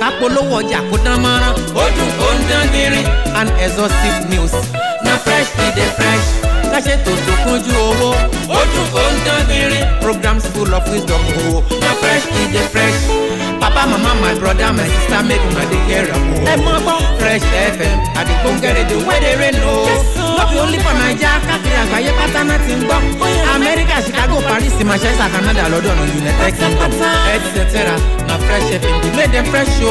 kápolówó ọjà kó dán mọ́rán ó dùn ó ń dán gbinrin and exhaustive news na fresh e dey fresh káṣe tòótọ́ kúnjú owó ó dùn ó ń dán gbinrin programs full of wisdom o na fresh e dey fresh papa mama my brother my sister make una dey hear am o ẹ mọ́ gbọ́ fresh fm àdìgbò gẹ́rẹ́dẹ̀ wẹ́ẹ́dẹ̀ rẹ̀ nù o. Not only for Naija, káàkiri àgbáyé pátá ti ń gbọ́. Amẹ́ríkà, Chicago, Paris, Manchester, Canada, London, United Kingdom, etc. Na fresh fm dey make dem fresh o.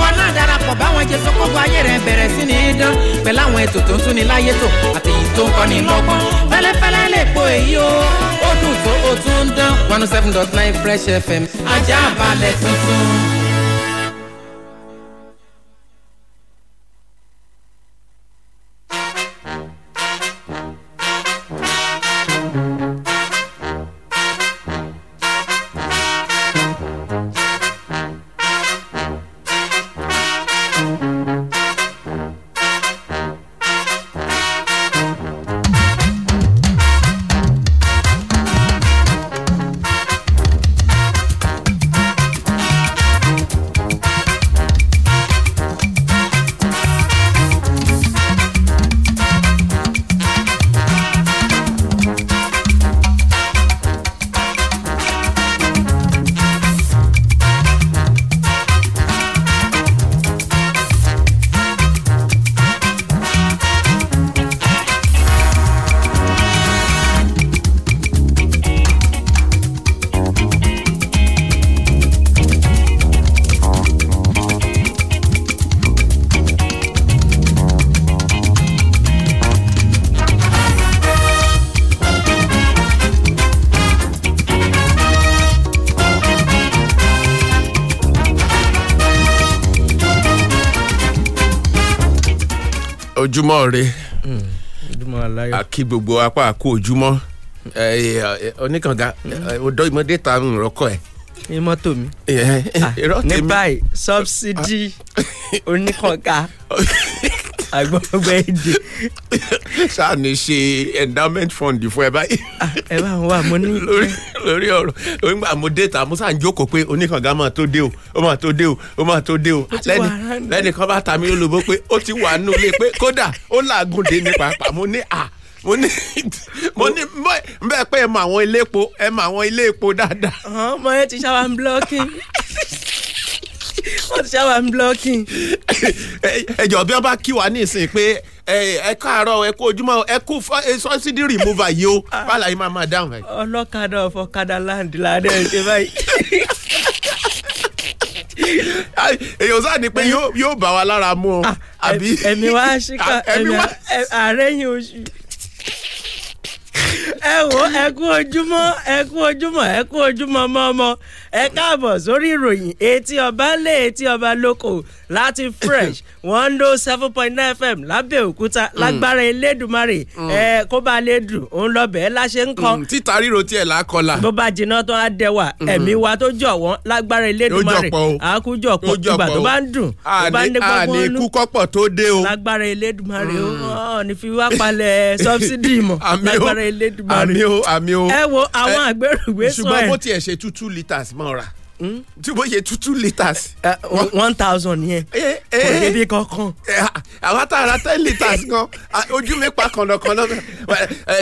Wọ́n náà darapọ̀ báwọn jẹ sọ kókó ayé rẹ̀ bẹ̀rẹ̀ sí ní dán. Pẹ̀lú àwọn ètò tó ń tún ni láyé tò àti èyí tó ń kọ́ ni lọ́gbọ́n. Fẹ́lẹ́fẹ́lẹ́ lè po èyí o. Ó dùn tó o tún ń dán. one oh seven dot nine fresh fm. Ajá balẹ̀ tuntun. ojúmọ́ re àkí hmm, gbogbo apá àkó ojúmọ́ oníkanga odò ìmọ̀dé ta ń rọ́kọ̀ ẹ̀ ní mọ́tò mi. Ah, ní báyìí sọ́bsidì ah, oníkanga agbọ́gbẹ́ èdè. sáàni ṣe endowment fund fún ẹ báyìí. Ah, ẹ bá wa mo ní. lórí lórí ọ̀rọ̀ lórí gbà mo déta mo sàn jókòó pé oníkànga máa tó dé o ó máa tó dé o ó máa tó dé o lẹ́ni lẹ́ni kan bá ta mi lólobó pé ó ti wà nù lé pé kódà ó làágùn dé ní pàápàá mo ní à mo ní mo ní bẹ́ẹ̀ pé ẹ mọ àwọn ilé epo ẹ mọ àwọn ilé epo dáadáa. ọmọ yẹn ti ṣáwa ń blọ́ọ̀kì ṣáwa ń blọ́kìn. ẹjọ bí wọn bá kí wa ní ìsìn pé ẹ káàárọ̀ ẹ kú ojúmọ́ ẹ kú sọsídì rìmúvà yìí o wàhálà ah. yìí máa máa dáhùn ẹ. ọlọ́kadà ọ̀fọ̀kadà láǹdì ládẹ́ ẹ̀ ṣe báyìí èèyàn sáà ni pé yóò bá wa lára mú ọ ah, àbí ẹ̀mí wa ṣíkà ẹ̀mí wa àárẹ̀ yín oṣù ẹ wo ẹ kú ojúmọ́ ẹ kú ojúmọ́ ẹ kú ojúmọ́ mọ́mọ́ ẹ káàbọ̀ sórí ìròyìn etí ọba lé etí ọba lóko láti fresh one oh seven point nine fm lábẹ́òkúta mm. lágbára elédùnmarè mm. ẹ kó bá lè dùn òun lọ́bẹ̀ ẹ láṣẹ ń kọ́. Mm, títa ríro tiẹ̀ là á kọlà. bó bá jiná tán á dẹwà ẹ̀mí wa tó jọ̀ wọ́n lágbára elédùnmarè àkójọ pọ̀ ìgbà tó bá ń dùn tó bá ń dé gbọ́gbọ́n lù. àní kúkọ́pọ̀ tó dé o. lágbára elédùnmarè o ọ̀ọ́ni fi wá palẹ̀ sọ́bsidì mọ̀ lágbára elédùnmarè. o àmì o. ẹ wo àwọn àgbẹ̀rùgbé sọ ẹ. ṣùgbọ́n bó tiẹ̀ ṣe two two litres mọ́ra hmm? tí mo yẹ two one thousand yẹn ọ̀gẹ̀dẹ̀ eh, eh. kankan. Eh, ah, àwa tá a ra ten litres gan ojú mi pa kànnàkànnà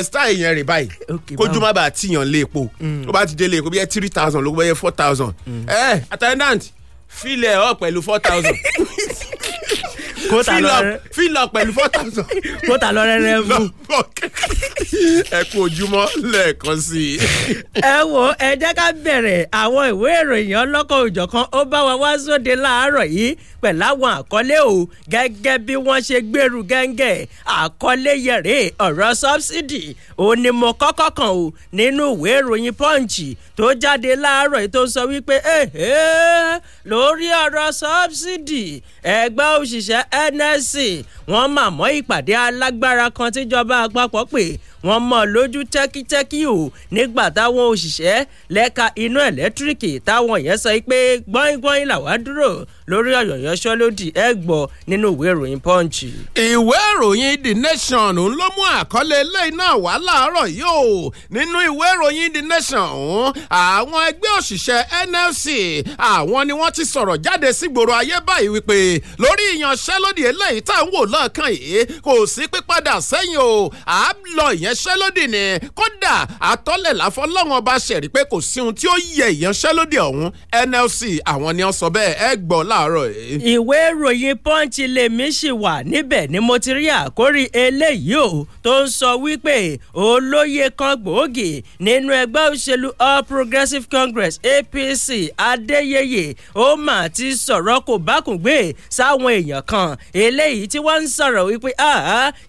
style yẹn rè báyìí kójú má bàa tíyàn lé epo mm. tó bá ti dé lé epo bí yẹ three thousand ló gbé yẹ four thousand mm. attendant filẹ̀ ọ̀ pẹ̀lú four thousand. kóòtà lọ rẹ fill up pẹ̀lú four thousand. kóòtà lọ rẹ rẹ mú. ẹ kú ojúmọ́ lẹ́ẹ̀kan sí i. ẹ wo ẹ jẹ́ ká bẹ̀rẹ̀ àwọn ìwé ìròyìn ọlọ́kọ̀ òjọ̀kan ó bá wa wá sóde láàárọ̀ yìí pẹ̀lú àwọn àkọlé o gẹ́gẹ́ bí wọ́n ṣe gbèrú gẹ́ngẹ́ àkọlé yẹ̀rẹ̀ ọ̀rọ̀ sọ́bsidì òun ni mo kọ́kọ́ kàn o nínú ìwé ìròyìn pọ́ǹchì tó jáde láàárọ̀ yìí tó sọ wípé lórí ọ̀rọ̀ sọ́bsidì ẹgbẹ́ òṣìṣẹ́ nsc wọ́n mà mọ́ ìpàdé alágbára kan tíjọba àpapọ̀ pè wọ́n mọ̀ lójú tẹ́kítẹ́kí o nígbà táwọn òṣìṣẹ́ lẹ́ka iná ẹ̀lẹ́tíríkì táwọn yẹn sọ pé gbọ́ngbọ́n làwa dúró lórí ọ̀yọ̀ ìyanṣẹ́lódì ẹ gbọ́ nínú ìwé ìròyìn punch. ìwé ìròyìn the nation ń ló mú àkọlé eléyìí náà wá láàárọ̀ yìí o nínú ìwé ìròyìn the nation ọ̀hún àwọn ẹgbẹ́ òṣìṣẹ́ nlc àwọn ni wọ́n ti sọ̀rọ̀ jáde sígboro ayé báyìí wípé lórí ìyanṣẹ́lódì eléyìí tá à ń wò lọ́ọ̀kan yìí kò sí pípadà sẹ́yìn o à ń lọ ìyẹn ìyanṣẹ́lódì ni kódà àtọ́lẹ̀ láfọlọ́run ọba ṣẹ̀rí pé kò sí ohun tí ó yẹ ìyanṣẹ́lódì ọ̀hún nlc àwọn ni wọ́n sọ bẹ́ẹ̀ ẹ gbọ́ láàárọ̀ ìwé ìròyìn punch lèmi ṣì wà níbẹ̀ ni mo ti rí àkórí eléyìí o tó ń sọ wípé olóyè kan gbòógì nínú ẹgbẹ́ òṣèlú all progressives congress apc adéyẹyẹ ó mà ti sọ̀rọ̀ kò bákùngbé sáwọn èèyàn kan eléyìí tí wọ́n ń sọ̀rọ̀ wípé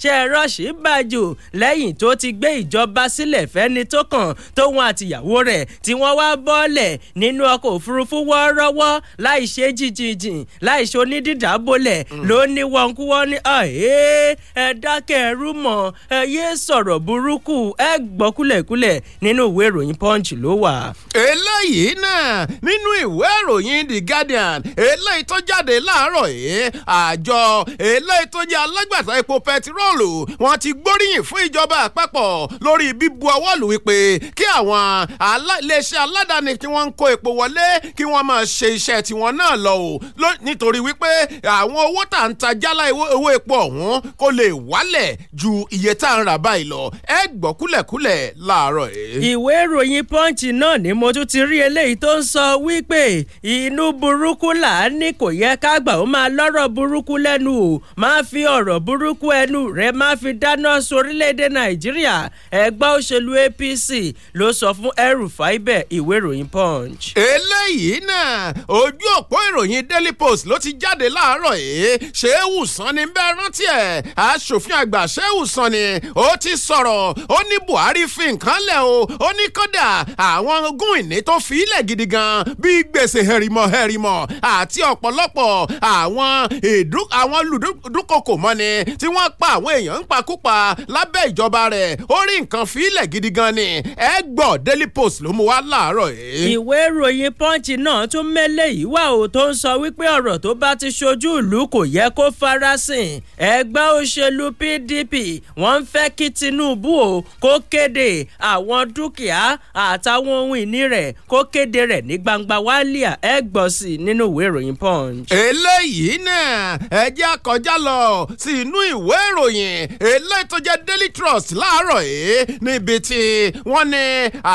ṣe rọ́ọ̀ṣì bàjù lẹ́yìn tó ó ti gbé ìjọba sílẹ̀ fẹ́ni tó kàn tóun àtìyàwó rẹ̀ tí wọ́n wá bọ́ọ̀lẹ̀ nínú ọkọ̀ òfurufú wọ́ọ́rọ́wọ́ láì ṣe jìjìjìn láì ṣe onídìdábolẹ̀ mm. ló ní wọn kú wọn ní ẹ dákẹ́ ẹrú mọ̀ ẹ yéé sọ̀rọ̀ burúkú ẹ gbọ́ kúlẹ̀kúlẹ̀ nínú ìwé ìròyìn punch ló wà. eléyìí náà nínú ìwé ìròyìn the guardian eléyìí tó jáde láàárọ̀ yìí àjọ eléyìí tó jẹ́ alágbàtà epo pẹtiróòlù wọ́n ti gbóríyìn fún ìjọba papọ̀ lórí bíbu ọwọ́ lù wípé kí àwọn iléeṣẹ́ aládàáni tí wọ́n ń kó epo wọlé kí wọ́n máa ṣe iṣẹ́ tiwọn náà lọ o nítorí wípé àwọn owó tá ń ta jálá owó epo ọ̀hún kó lè wálẹ̀ ju iye tá à ń rà báyìí lọ ẹ gbọ́ kúlẹ̀kúlẹ̀ láàárọ̀ ẹ̀. ìwé ìròyìn pọ́ǹchì náà ni mo tún ti rí eléyìí tó ń sọ wípé inú burúkú là á ní kò yẹ ká gbà ó máa lọ́rọ̀ burúkú lẹ́nu o máa fi ọ̀rọ̀ burúkú ẹnu rẹ máa fi dáná sórílẹ̀-èdè nàìj nàìjíríà ẹgbẹ́ òṣèlú apc ló sọ fún El-Rufai ìwé ìròyìn punch. eléyìí náà ojú òpó ìròyìn daily post ló ti jáde láàárọ̀ yìí ṣéwù sanni bẹ́ẹ̀ rántí ẹ̀ aṣòfin àgbà ṣéwù sanni ó ti sọ̀rọ̀ ó ní buhari fi nǹkan lẹ̀ o ó ní kódà àwọn ogún ìní tó fi ilẹ̀ gidi gan bíi gbèsè hẹ̀rìmọ̀ hẹ̀rìmọ̀ àti ọ̀pọ̀lọpọ̀ àwọn olùdókòkò mọ́ni tí wọ́n pa àwọn èèyàn ń pakúpa lábẹ́ ìjọba rẹ̀ rẹ̀ ó rí nǹkan fílẹ̀ gidi gan ni ẹ gbọ́ daily post ló mú wá láàárọ̀ yìí. ìwé ìròyìn punch náà tún mẹ́lẹ̀ yìí wà ó tó ń sọ wípé ọ̀rọ̀ tó bá ti ṣojú ìlú kò yẹ kó farasin ẹgbẹ́ òṣèlú pdp wọ́n ń fẹ́ kí tinubu o kó kéde àwọn dúkìá àtàwọn ohun ìní rẹ̀ kó kéde rẹ̀ ní gbangba wálíà ẹ gbọ́ sí i nínú ìwé ìròyìn punch. eléyìí náà ẹ jẹ́ àkọjá lọ sí ìwé ìròyìn eléyìí daily trust láàárọ̀ yìí níbi tí wọ́n ní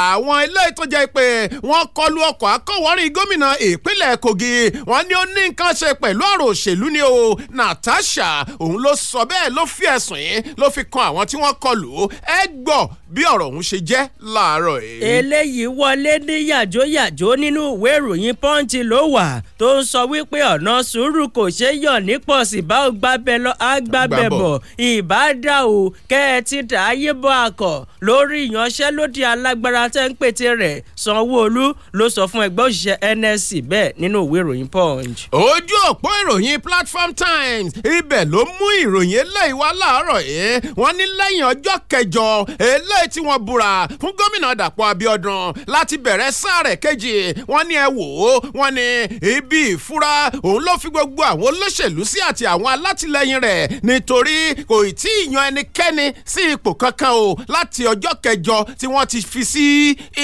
àwọn ilé tó jẹ́ pé wọ́n kọlu ọkọ̀ akọ́wọ́rin gómìnà ìpínlẹ̀ Kogi wọ́n ní ó ní nǹkan ṣe pẹ̀lú ọ̀rọ̀ òṣèlú ni o Natasha òun ló sọ bẹ́ẹ̀ ló fi ẹ̀sùn yìí ló fi kan àwọn tí wọ́n kọlù ẹ gbọ́ bí ọ̀rọ̀ ọ̀hún ṣe jẹ́ láàárọ̀ yìí. eléyìí wọlé ní yàjóyàjó nínú ìwé ìròyìn punch ló wà tó ń sọ wípé ọ̀nà sùúrù kò ṣe é yọ̀ nípò sì bá ó gbábẹ́ lọ á gbábẹ́ bọ̀ ìbádà o kẹ́ ẹ ti dà á yé bọ́ akọ̀ lórí ìyanṣẹ́lódì alágbára tẹ́ ń pète rẹ̀ sanwó-olú ló sọ fún ẹgbẹ́ òṣìṣẹ́ nsc bẹ́ẹ̀ nínú ìwé ìròyìn punch. ojú òpó ìròyìn platform times ibẹ̀ ló mú ìròyìn eléyìí wá láàárọ̀ yìí wọ́n ní lẹ́yìn ọjọ́ kẹjọ eléyìí eléyìí tí wọ́n búra fún gómìnà Dàpọ̀ Abíọ́dún láti bẹ̀rẹ̀ sáà rẹ̀ kejì wọ́n ní ẹ wò ó wọ́n ní ibi ìfura òun ló fi gbogbo àwọn olóṣèlú sí àti àwọn alátìlẹyìn rẹ̀ nítorí kò tí ì yan ẹnikẹ́ni sí ipò kankan o láti ọjọ́ kẹjọ tí wọ́n ti fi sí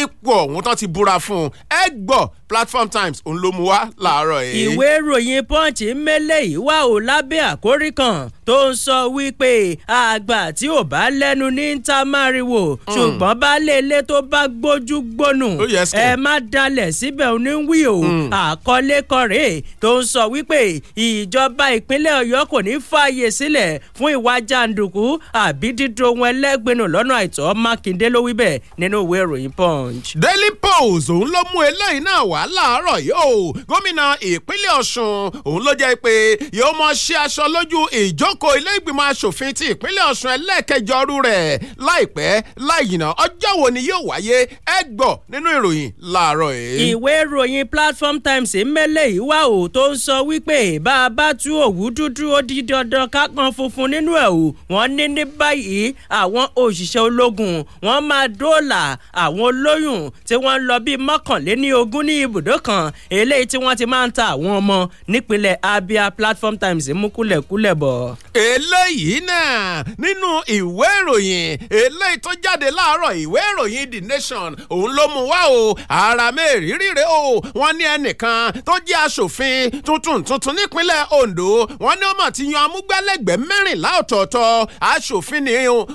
ipò ọ̀hún tán ti búra fún ẹ gbọ́ platform times òun ló mú wá làárọ̀ yìí. ìwé ìròyìn punch mélé yìí wà ó lábẹ́ àkórí kan tó ń sọ wípé àgbà tí ò bá lẹ́nu ní ń ta máriwo hmm. ṣùgbọ́n baálé ilé tó bá gbójú gbónú oh, ẹ má dalẹ̀ síbẹ̀ ò ní wí o hmm. àkọlé kọ̀rẹ́ tó ń sọ wípé ìjọba ìpínlẹ̀ ọ̀yọ́ kò ní fààyè sílẹ̀ fún ìwà jàǹdùkú àbí dídò wọn ẹlẹ́gbẹ̀nù lọ́nà àìtọ́ mákindé ló wí bẹ́ẹ̀ nínú ìwé ìròyìn punch. daily post òun ló mú eléyìí náà wá wá láàárọ̀ yìí o gómìnà ìpínlẹ̀ ọ̀ṣun òun ló jẹ́ pé yóò mọ ṣe aṣọ lójú ìjókòó ilé ìgbìmọ̀ asòfin ti ìpínlẹ̀ ọ̀ṣun ẹlẹ́ẹ̀kẹjọrú rẹ̀ láìpẹ́ láìyìnà ọjọ́ wo ni yóò wáyé ẹ gbọ́ nínú ìròyìn láàárọ̀ yìí. ìwé ìròyìn platform times mẹ́lẹ̀ yìí wà ó tó ń sọ wípé bá a bá tú òwú dúdú ó di dandan ká kan funfun nínú ẹ̀ o wọ́n ní ní báyìí àwọn òṣìṣẹ́ ológun wọ́n máa dóòlà àwọn olóyún tí wọ́n lọ bíi ibùdó kan eléyìí tí wọ́n ti máa ń ta àwọn ọmọ nípínlẹ̀ abia platform times mú kúlẹ̀kúlẹ̀ bọ̀. eléyìí náà nínú ìwé ìròyìn eléyìí tó jáde láàárọ̀ ìwé ìròyìn the nation òun ló mú wá o ara mẹ́rìírí rẹ̀ o wọ́n ní ẹnìkan tó jẹ́ aṣòfin tuntun tuntun nípínlẹ̀ ondo wọ́n ní ọmọ ti yan amúgbálẹ́gbẹ̀ẹ́ mẹ́rìnlá ọ̀tọ̀ọ̀tọ̀ aṣòfin ni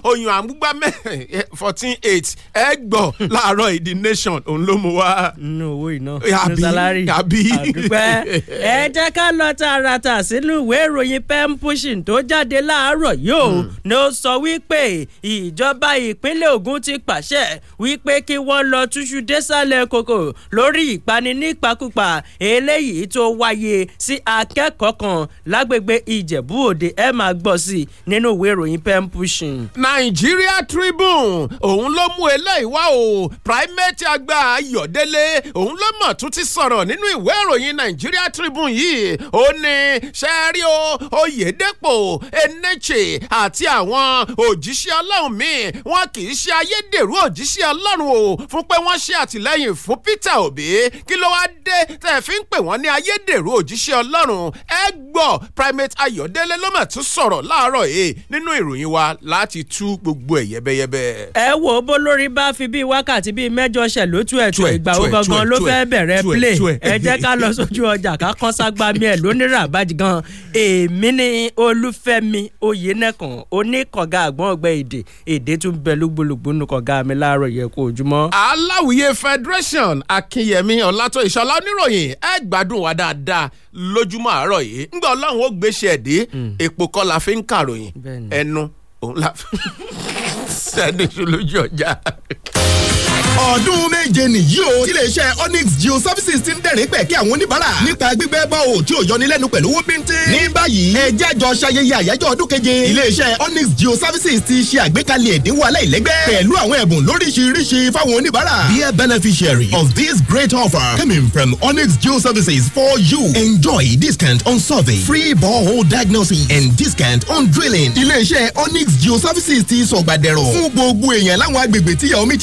oyún amúgbá fourteen eight ẹgbọ̀ láàárọ̀ the nation òun ló mú wá. nínú owó iná ní sálárì ẹ jẹ́ ká lọ tààràtà sínú ìwé ìròyìn pen tó jáde láàárọ̀ yóò ni ó sọ wípé ìjọba ìpínlẹ̀ Ògùn ti pàṣẹ wípé kí wọ́n lọ túṣu désàlẹ̀ kòkò lórí ìpani nípakúpa eléyìí tó wáyé sí akẹ́kọ̀ọ́ kan lágbègbè Ìjẹ̀bú Òde ẹ máa gbọ́ sí i nínú ìwé ìròyìn pen Nigeria Tribune òun ló mú eléyìí wá o primate àgbà Ayọ̀délé òun ló mọ̀ náà tún ti sọ̀rọ̀ nínú ìwé ìròyìn Nigeria Tribune yìí ó ní ṣẹ́ẹ́rí o Oyèdèpọ̀ Eneche àti àwọn òjíṣẹ́ ọlọ́run míì wọn kì í ṣe ayédèrú òjíṣẹ́ ọlọ́run o fún pé wọ́n ṣe àtìlẹ́yìn fún Peter Obi kí ló wá dé tẹ̀ fi ń pè wọ́n ní ayédèrú òjíṣẹ́ ọlọ́run ẹ gbọ́ Primate Ayọ̀délé ló mà tún sọ̀rọ̀ láàárọ̀ yìí nínú ìròyìn wa láti tú gbogbo ẹ̀ yẹ́bẹ́yẹ́bẹ́. ẹ wo bó lórí bá fi bíi wákàtí bíi mẹ́jọ ṣẹ̀ tú ẹ̀ ìgbà ó ló fẹ́ bẹ̀rẹ̀ play ẹ jẹ́ ká lọ sójú ọjà ká kán ságbá mi ẹ̀ lónírà bájì gan èmi ni olúfẹ́mi oyinẹ̀kan oníkọ̀gá àgbọ̀n ọgbẹ́ èdè èdè tún bẹ lúgbòlùgbò nù kọ̀gá mi láàárọ̀ yẹ kó ojúmọ́. aláwìyé federation akínyẹmí ọlátọ ìṣọlá oníròyìn ẹ gbádùn wa dáadáa lójúmọ́ àárọ̀ yìí ńgbà ọlọ́run ó gbéṣẹ́ dé hmm. èpò kọ́ la fi ń kàròyìn ẹnu òun la fi sẹ́ni ìṣú lójú ọjà ọdún méje nìyí o tiléeṣẹ́ Onyx Geo ti ń dẹ̀rẹ́ pẹ̀ kí àwọn oníbàárà nípa gbígbẹ́ bọ́ọ̀ tí ò yọnilẹ́nu pẹ̀lú owó bíntín. ní báyìí ẹ jẹ́ ṣayẹyẹ àyájọ́ ọdún keje iléeṣẹ́ Onyx Geo ti ṣe àgbékalẹ̀ ẹ̀dínwó aláìlẹ́gbẹ́ pẹ̀lú àwọn ẹ̀bùn lóríṣiríṣi fáwọn oníbàárà. Be a beneficiary of this great offer coming from Onyx Geo Services for you. Enjoy discount on survey, free borehole diagnosis and discount on drilling. iléeṣẹ́ Onyx Geo Services ti sọ̀gbàdẹ̀rọ̀ fún gbogbo èèyàn láwọn agbègbè tíyàwó mi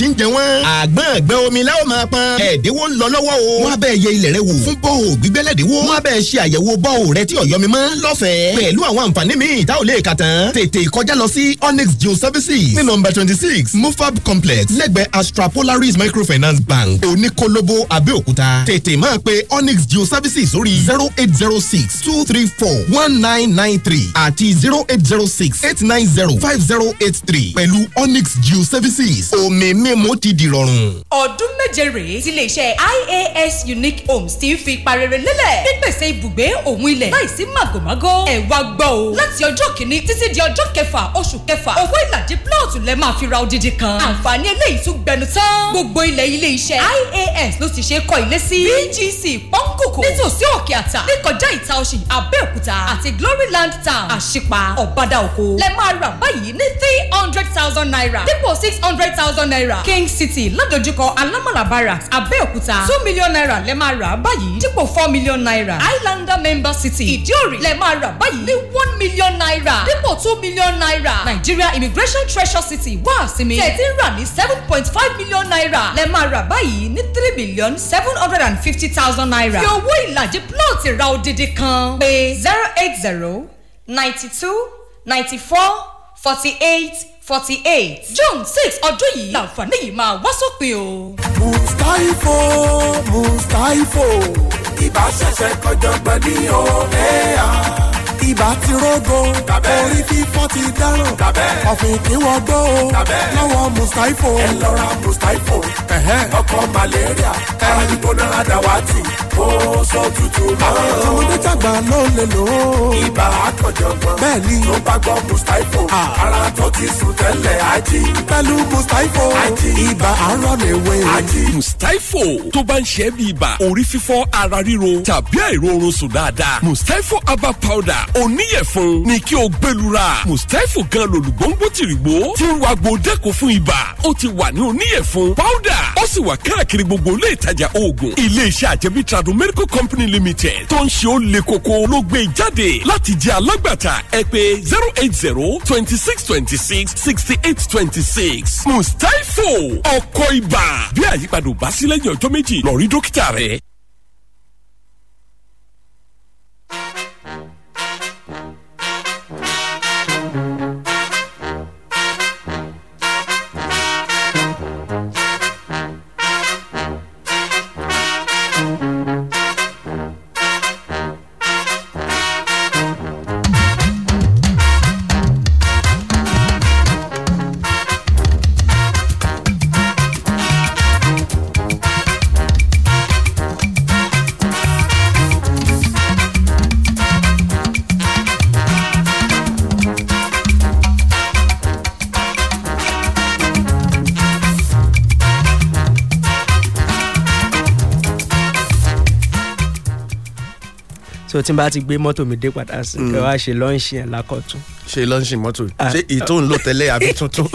àgbọn ẹgbẹ́ omi la ó máa pọn. ẹ̀dínwó ń lọ lọ́wọ́ o. wọ́n á bẹ̀ yẹ ilẹ̀ rẹ wò. fún bọ́ọ̀ gbígbẹ́lẹ̀dínwó. wọ́n á bẹ̀ ṣe àyẹ̀wò bọ́ọ̀ rẹ tí ọ̀yọ́ mi mọ́ lọ́fẹ̀ẹ́. pẹ̀lú àwọn àǹfààní míì tá ò lè kà tán. tètè kọjá lọ sí Onyx Geo Services ní nọ́mbà twenty six Mufab Complex lẹ́gbẹ̀ẹ́ Astra Polaris Microfinance Bank Oníkólóbó Abẹ́òkúta. tètè máa pe Onyx Geo Services sórí zero eight zero six two three four one nine nine three àti zero eight zero six eight nine zero five zero eight three pẹ̀lú Onyx Geo Services omi mímu ti dìrọ̀rùn ọdún méje rèé ti iléeṣẹ́ IAS Unique Homes ti ń fi ipa rere lélẹ̀ pípèsè ibùgbé òun ilẹ̀ láìsí màgòmágó ẹ̀ wá gbọ́ o láti ọjọ́ kìíní títí di ọjọ́ kẹfà oṣù kẹfà owó ìlàjì plọ́ọ̀tù lẹ́ máa fi ra odidi kan àǹfààní eléyìí tún gbẹnu tán gbogbo ilẹ̀ iléeṣẹ́ IAS ló ti ṣe kọ́ ilé sí BGC pọ́ńkòkò nítòsí òkè àtà níkọjá ìta ọ̀sìn Abẹ́òkúta àti Gloryland town àṣìpa ọ̀bàdà òkò lẹ́ máa rà báyìí ní three hundred thousand naira dípò six hundred thousand naira King City ládojúkọ alámàlà barracks abẹ́òkúta two million naira lẹ́ máa rà báyìí dípò four million naira islander member city ìdíòrì lẹ́ máa rà báyìí ní one million naira dípò two million naira nigeria immigration treasure city wá sí mi tẹ̀tí ń rà ní seven point five million naira lẹ́ máa rà báyìí ní three million seven hundred and fifty thousand naira fi owó ìlàjì plọ́ọ̀tì ra odidi kan pé zero eight zero ninety two ninety four forty eight forty eight june six ọdún yìí làǹfààní yìí máa wá sópin o. mustaifo mustaifo ibà ṣẹ̀ṣẹ̀ kọjọ gbọ́dí o ẹ̀yà ibà ti rógo orí fífọ́ ti dáràn ọ̀fìnkìwọ́gbó o lọ́wọ́ mùsáífò. ẹ lọ ra mùsáífò ọkọ̀ malaria ara gbígbóná àdáwátì ó sọ tútù máa. tọmọdé tàgbà ló lè lò ó. ibà àkànjọ̀gbọ́n bẹ́ẹ̀ni tó bá gbọ́ mùsáífò ara tó ti sùn tẹ́lẹ̀ ají. pẹ̀lú mùsáífò ibà arọ lè wé. mùsáífò tó bá ń ṣe é bí ibà orí fífọ́ ara ríro tàbí àìróorun sùn dáadáa mùsáífò herbal powder oníyẹ̀fun ni kí o gbẹlura mustapha gan lòlùgbòǹgbò tìrìgbò ti ń wa gbòdẹ́kọ̀ fún ibà ó ti wà ní oníyẹ̀fun powder ó sì wà káàkiri gbogbo ilé ìtajà oògùn iléeṣẹ́ àjẹmí tradu medical company limited tó ń ṣe ó le koko ló gbé e jáde láti jẹ́ alágbàtà ẹ pè zero eight zero twenty six twenty six sixty eight twenty six mustapha ọkọ̀ ibà bí àyípadà ò bá sí lẹ́yìn ọjọ́ méjì lọ rí dókítà rẹ. so tí n bá ti gbé mọ́tò mi dé padà sí kí mm. wàá ṣe lọ́ọ̀ṣì yẹn lákọ̀tún. ṣe lọ́ọ̀ṣì mọ́tò ah. ṣé ìtò ń lò tẹ́lẹ̀ àbí tuntun.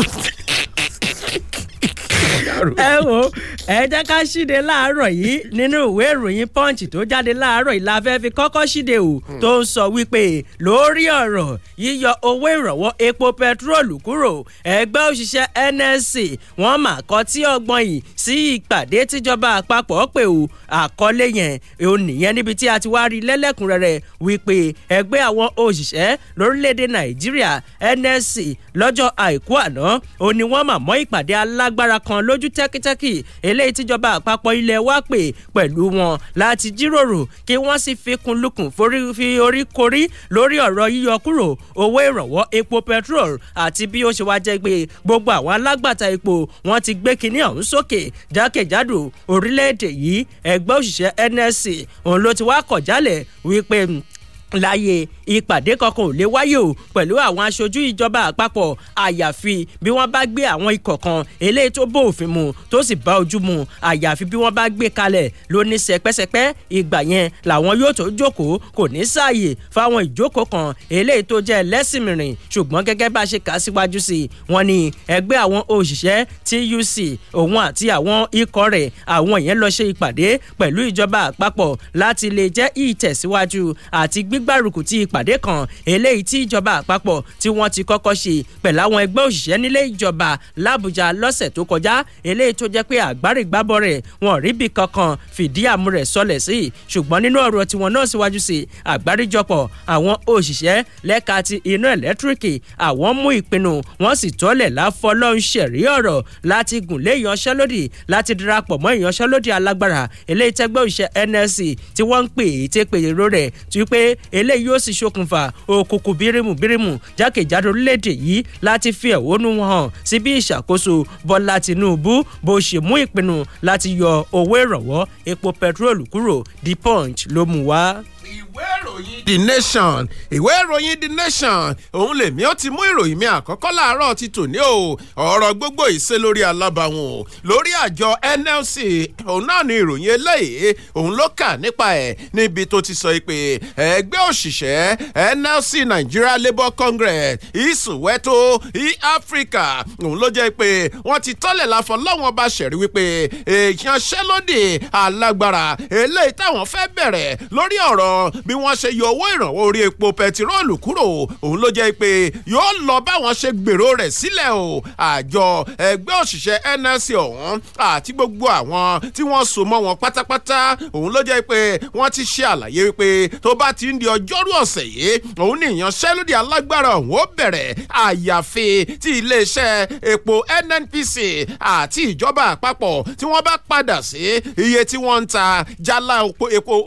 ẹ wo ẹ jẹ́ ká ṣíde láàárọ̀ yìí nínú ìwé ìròyìn punch tó jáde láàárọ̀ yìí la fẹ́ fi kọ́kọ́ ṣíde o hmm. tó ń sọ wípé lórí ọ̀rọ̀ yíyọ owó ìrànwọ́ epo pẹtiróòlù kúrò ẹgbẹ́ òṣìṣẹ́ nsc wọ́n mà kọ́ tí ọgbọ́n yìí sí ìpàdé tíjọba àpapọ̀ pé o àkọlé yẹn ò nìyẹn níbi tí a ti wá rí lẹ́lẹ́kùnrẹ́rẹ́ wípé ẹgbẹ́ àwọn òṣìṣẹ́ lórílẹ̀‐èdè nàìjíríà nsc lọ́jọ́ àìkú àná ò ní wọ́n mà mọ́ ìpàdé alágbára kan lójú tẹ́kítẹ́kì eléyìí tíjọba àpapọ̀ ilẹ̀ wa pè pẹ̀lú wọn láti jíròrò kí wọ́n sì fi kún lukùn fi orí korí lórí ọ̀rọ̀ yíyọ kúrò owó ìrànwọ́ epo petrol àti bí ó ṣe wá jẹ́ pé gbogbo àwọn alágbàtà epo wọ́n ti gbé kinní ọ̀hún sókè jákèjádò orílẹ̀-èdè yìí ẹgbẹ́ òṣìṣẹ́ nsc òun ló ti wá kọ̀ jálẹ̀ wípé láyé ìpàdé kankan ò lè wáyé o pẹ̀lú àwọn aṣojú ìjọba àpapọ̀ àyàfi bí wọ́n bá gbé àwọn ikọ̀ kan eléyìí tó bó òfin mu tó sì bá ojú mu àyàfi bí wọ́n bá gbé kalẹ̀ ló ní ìgbà yẹn làwọn yóò tó jókòó kò ní sáàyè fáwọn ìjókòó kan eléyìí tó jẹ́ lẹ́sìmìrìn ṣùgbọ́n gẹ́gẹ́ bá ṣe kà síwájú sí i wọ́n ní ẹgbẹ́ àwọn òṣìṣẹ́ TUC òun àti àwọn ikọ̀ rẹ̀ àwọn yẹn lọ ṣe ìpàdé pẹ̀lú ìjọba àpapọ̀ láti lè jẹ́ ìtẹ̀síwájú àti gbígbárùkù ti ìpàdé kan eléyìí tí ìjọba àpapọ̀ tí wọ́n ti kọ́kọ́ ṣe pẹ̀lú àwọn ẹgbẹ́ òṣìṣẹ́ nílé ìjọba làbújá lọ́sẹ̀ tó kọjá eléyìí tó jẹ́ pé àgbárígbábọ̀ rẹ̀ wọn rí bí kankan fìdí àmú rẹ̀ sọlẹ̀ sí i ṣùgbọ́n nínú ọ̀rọ̀ tiwọn náà síwájú sí àgbáríjọpọ̀ àwọn òṣìṣẹ́ lẹ́ka ti iná ẹ̀lẹ́tíríkì àwọn mú ìpinnu wọ́n sì tọ́lẹ̀ láfọlọ́ńṣẹ̀rí ṣokùnfà òkùnkù bírímù bírímù jákèjádò orílẹ̀-èdè yìí láti fi ẹ̀hónú hàn sí bí ìṣàkóso bọ́lá tìǹbù bó ṣe mú ìpinnu láti yọ owó ìrànwọ́ epo pẹtiróòlù kúrò the punch ló mú wá ìwé ìròyìn the nation ìwé ìròyìn the nation òun lèmi ó ti mú ìròyìn mi àkọ́kọ́ láàárọ̀ ti tò ní o ọ̀rọ̀ gbogbo ìṣe lórí alábàwọ̀n o lórí àjọ nlc òun náà ni ìròyìn eléyìí òun ló kà nípa ẹ̀ níbi tó ti sọ pé ẹgbẹ́ òṣìṣẹ́ nlc nigeria labour congress isuweto e-africa òun ló jẹ́ pé wọ́n ti tọ́lẹ̀ láfọ lọ́wọ́n bá ṣẹ̀rí wípé ìyanṣẹ́lódì alágbára eléyìí táwọn fẹ́ bẹ̀rẹ̀ lórí ọ̀rọ̀ lọ bí wọ́n ṣe yọ owó ìrànwọ́ orí epo pẹtirọ́ọ̀lù kúrò òun ló jẹ́ pé yóò lọ báwọn ṣe gbèrò rẹ̀ sílẹ̀ o àjọ ẹgbẹ́ òṣìṣẹ́ NLC ọ̀hún àti gbogbo àwọn tí wọ́n so mọ́ wọn pátápátá òun ló jẹ́ pé wọ́n ti ṣe àlàyé pé tó bá ti ń di ọjọ́rú ọ̀sẹ̀ yìí òun ní ìyanṣẹ́lódì alágbára ọ̀hún ó bẹ̀rẹ̀ àyàfi tí iléeṣẹ́ epo NNPC àti ìjọba àpapọ̀ tí wọ́n bá padà sí iye tí wọ́n ń ta jálá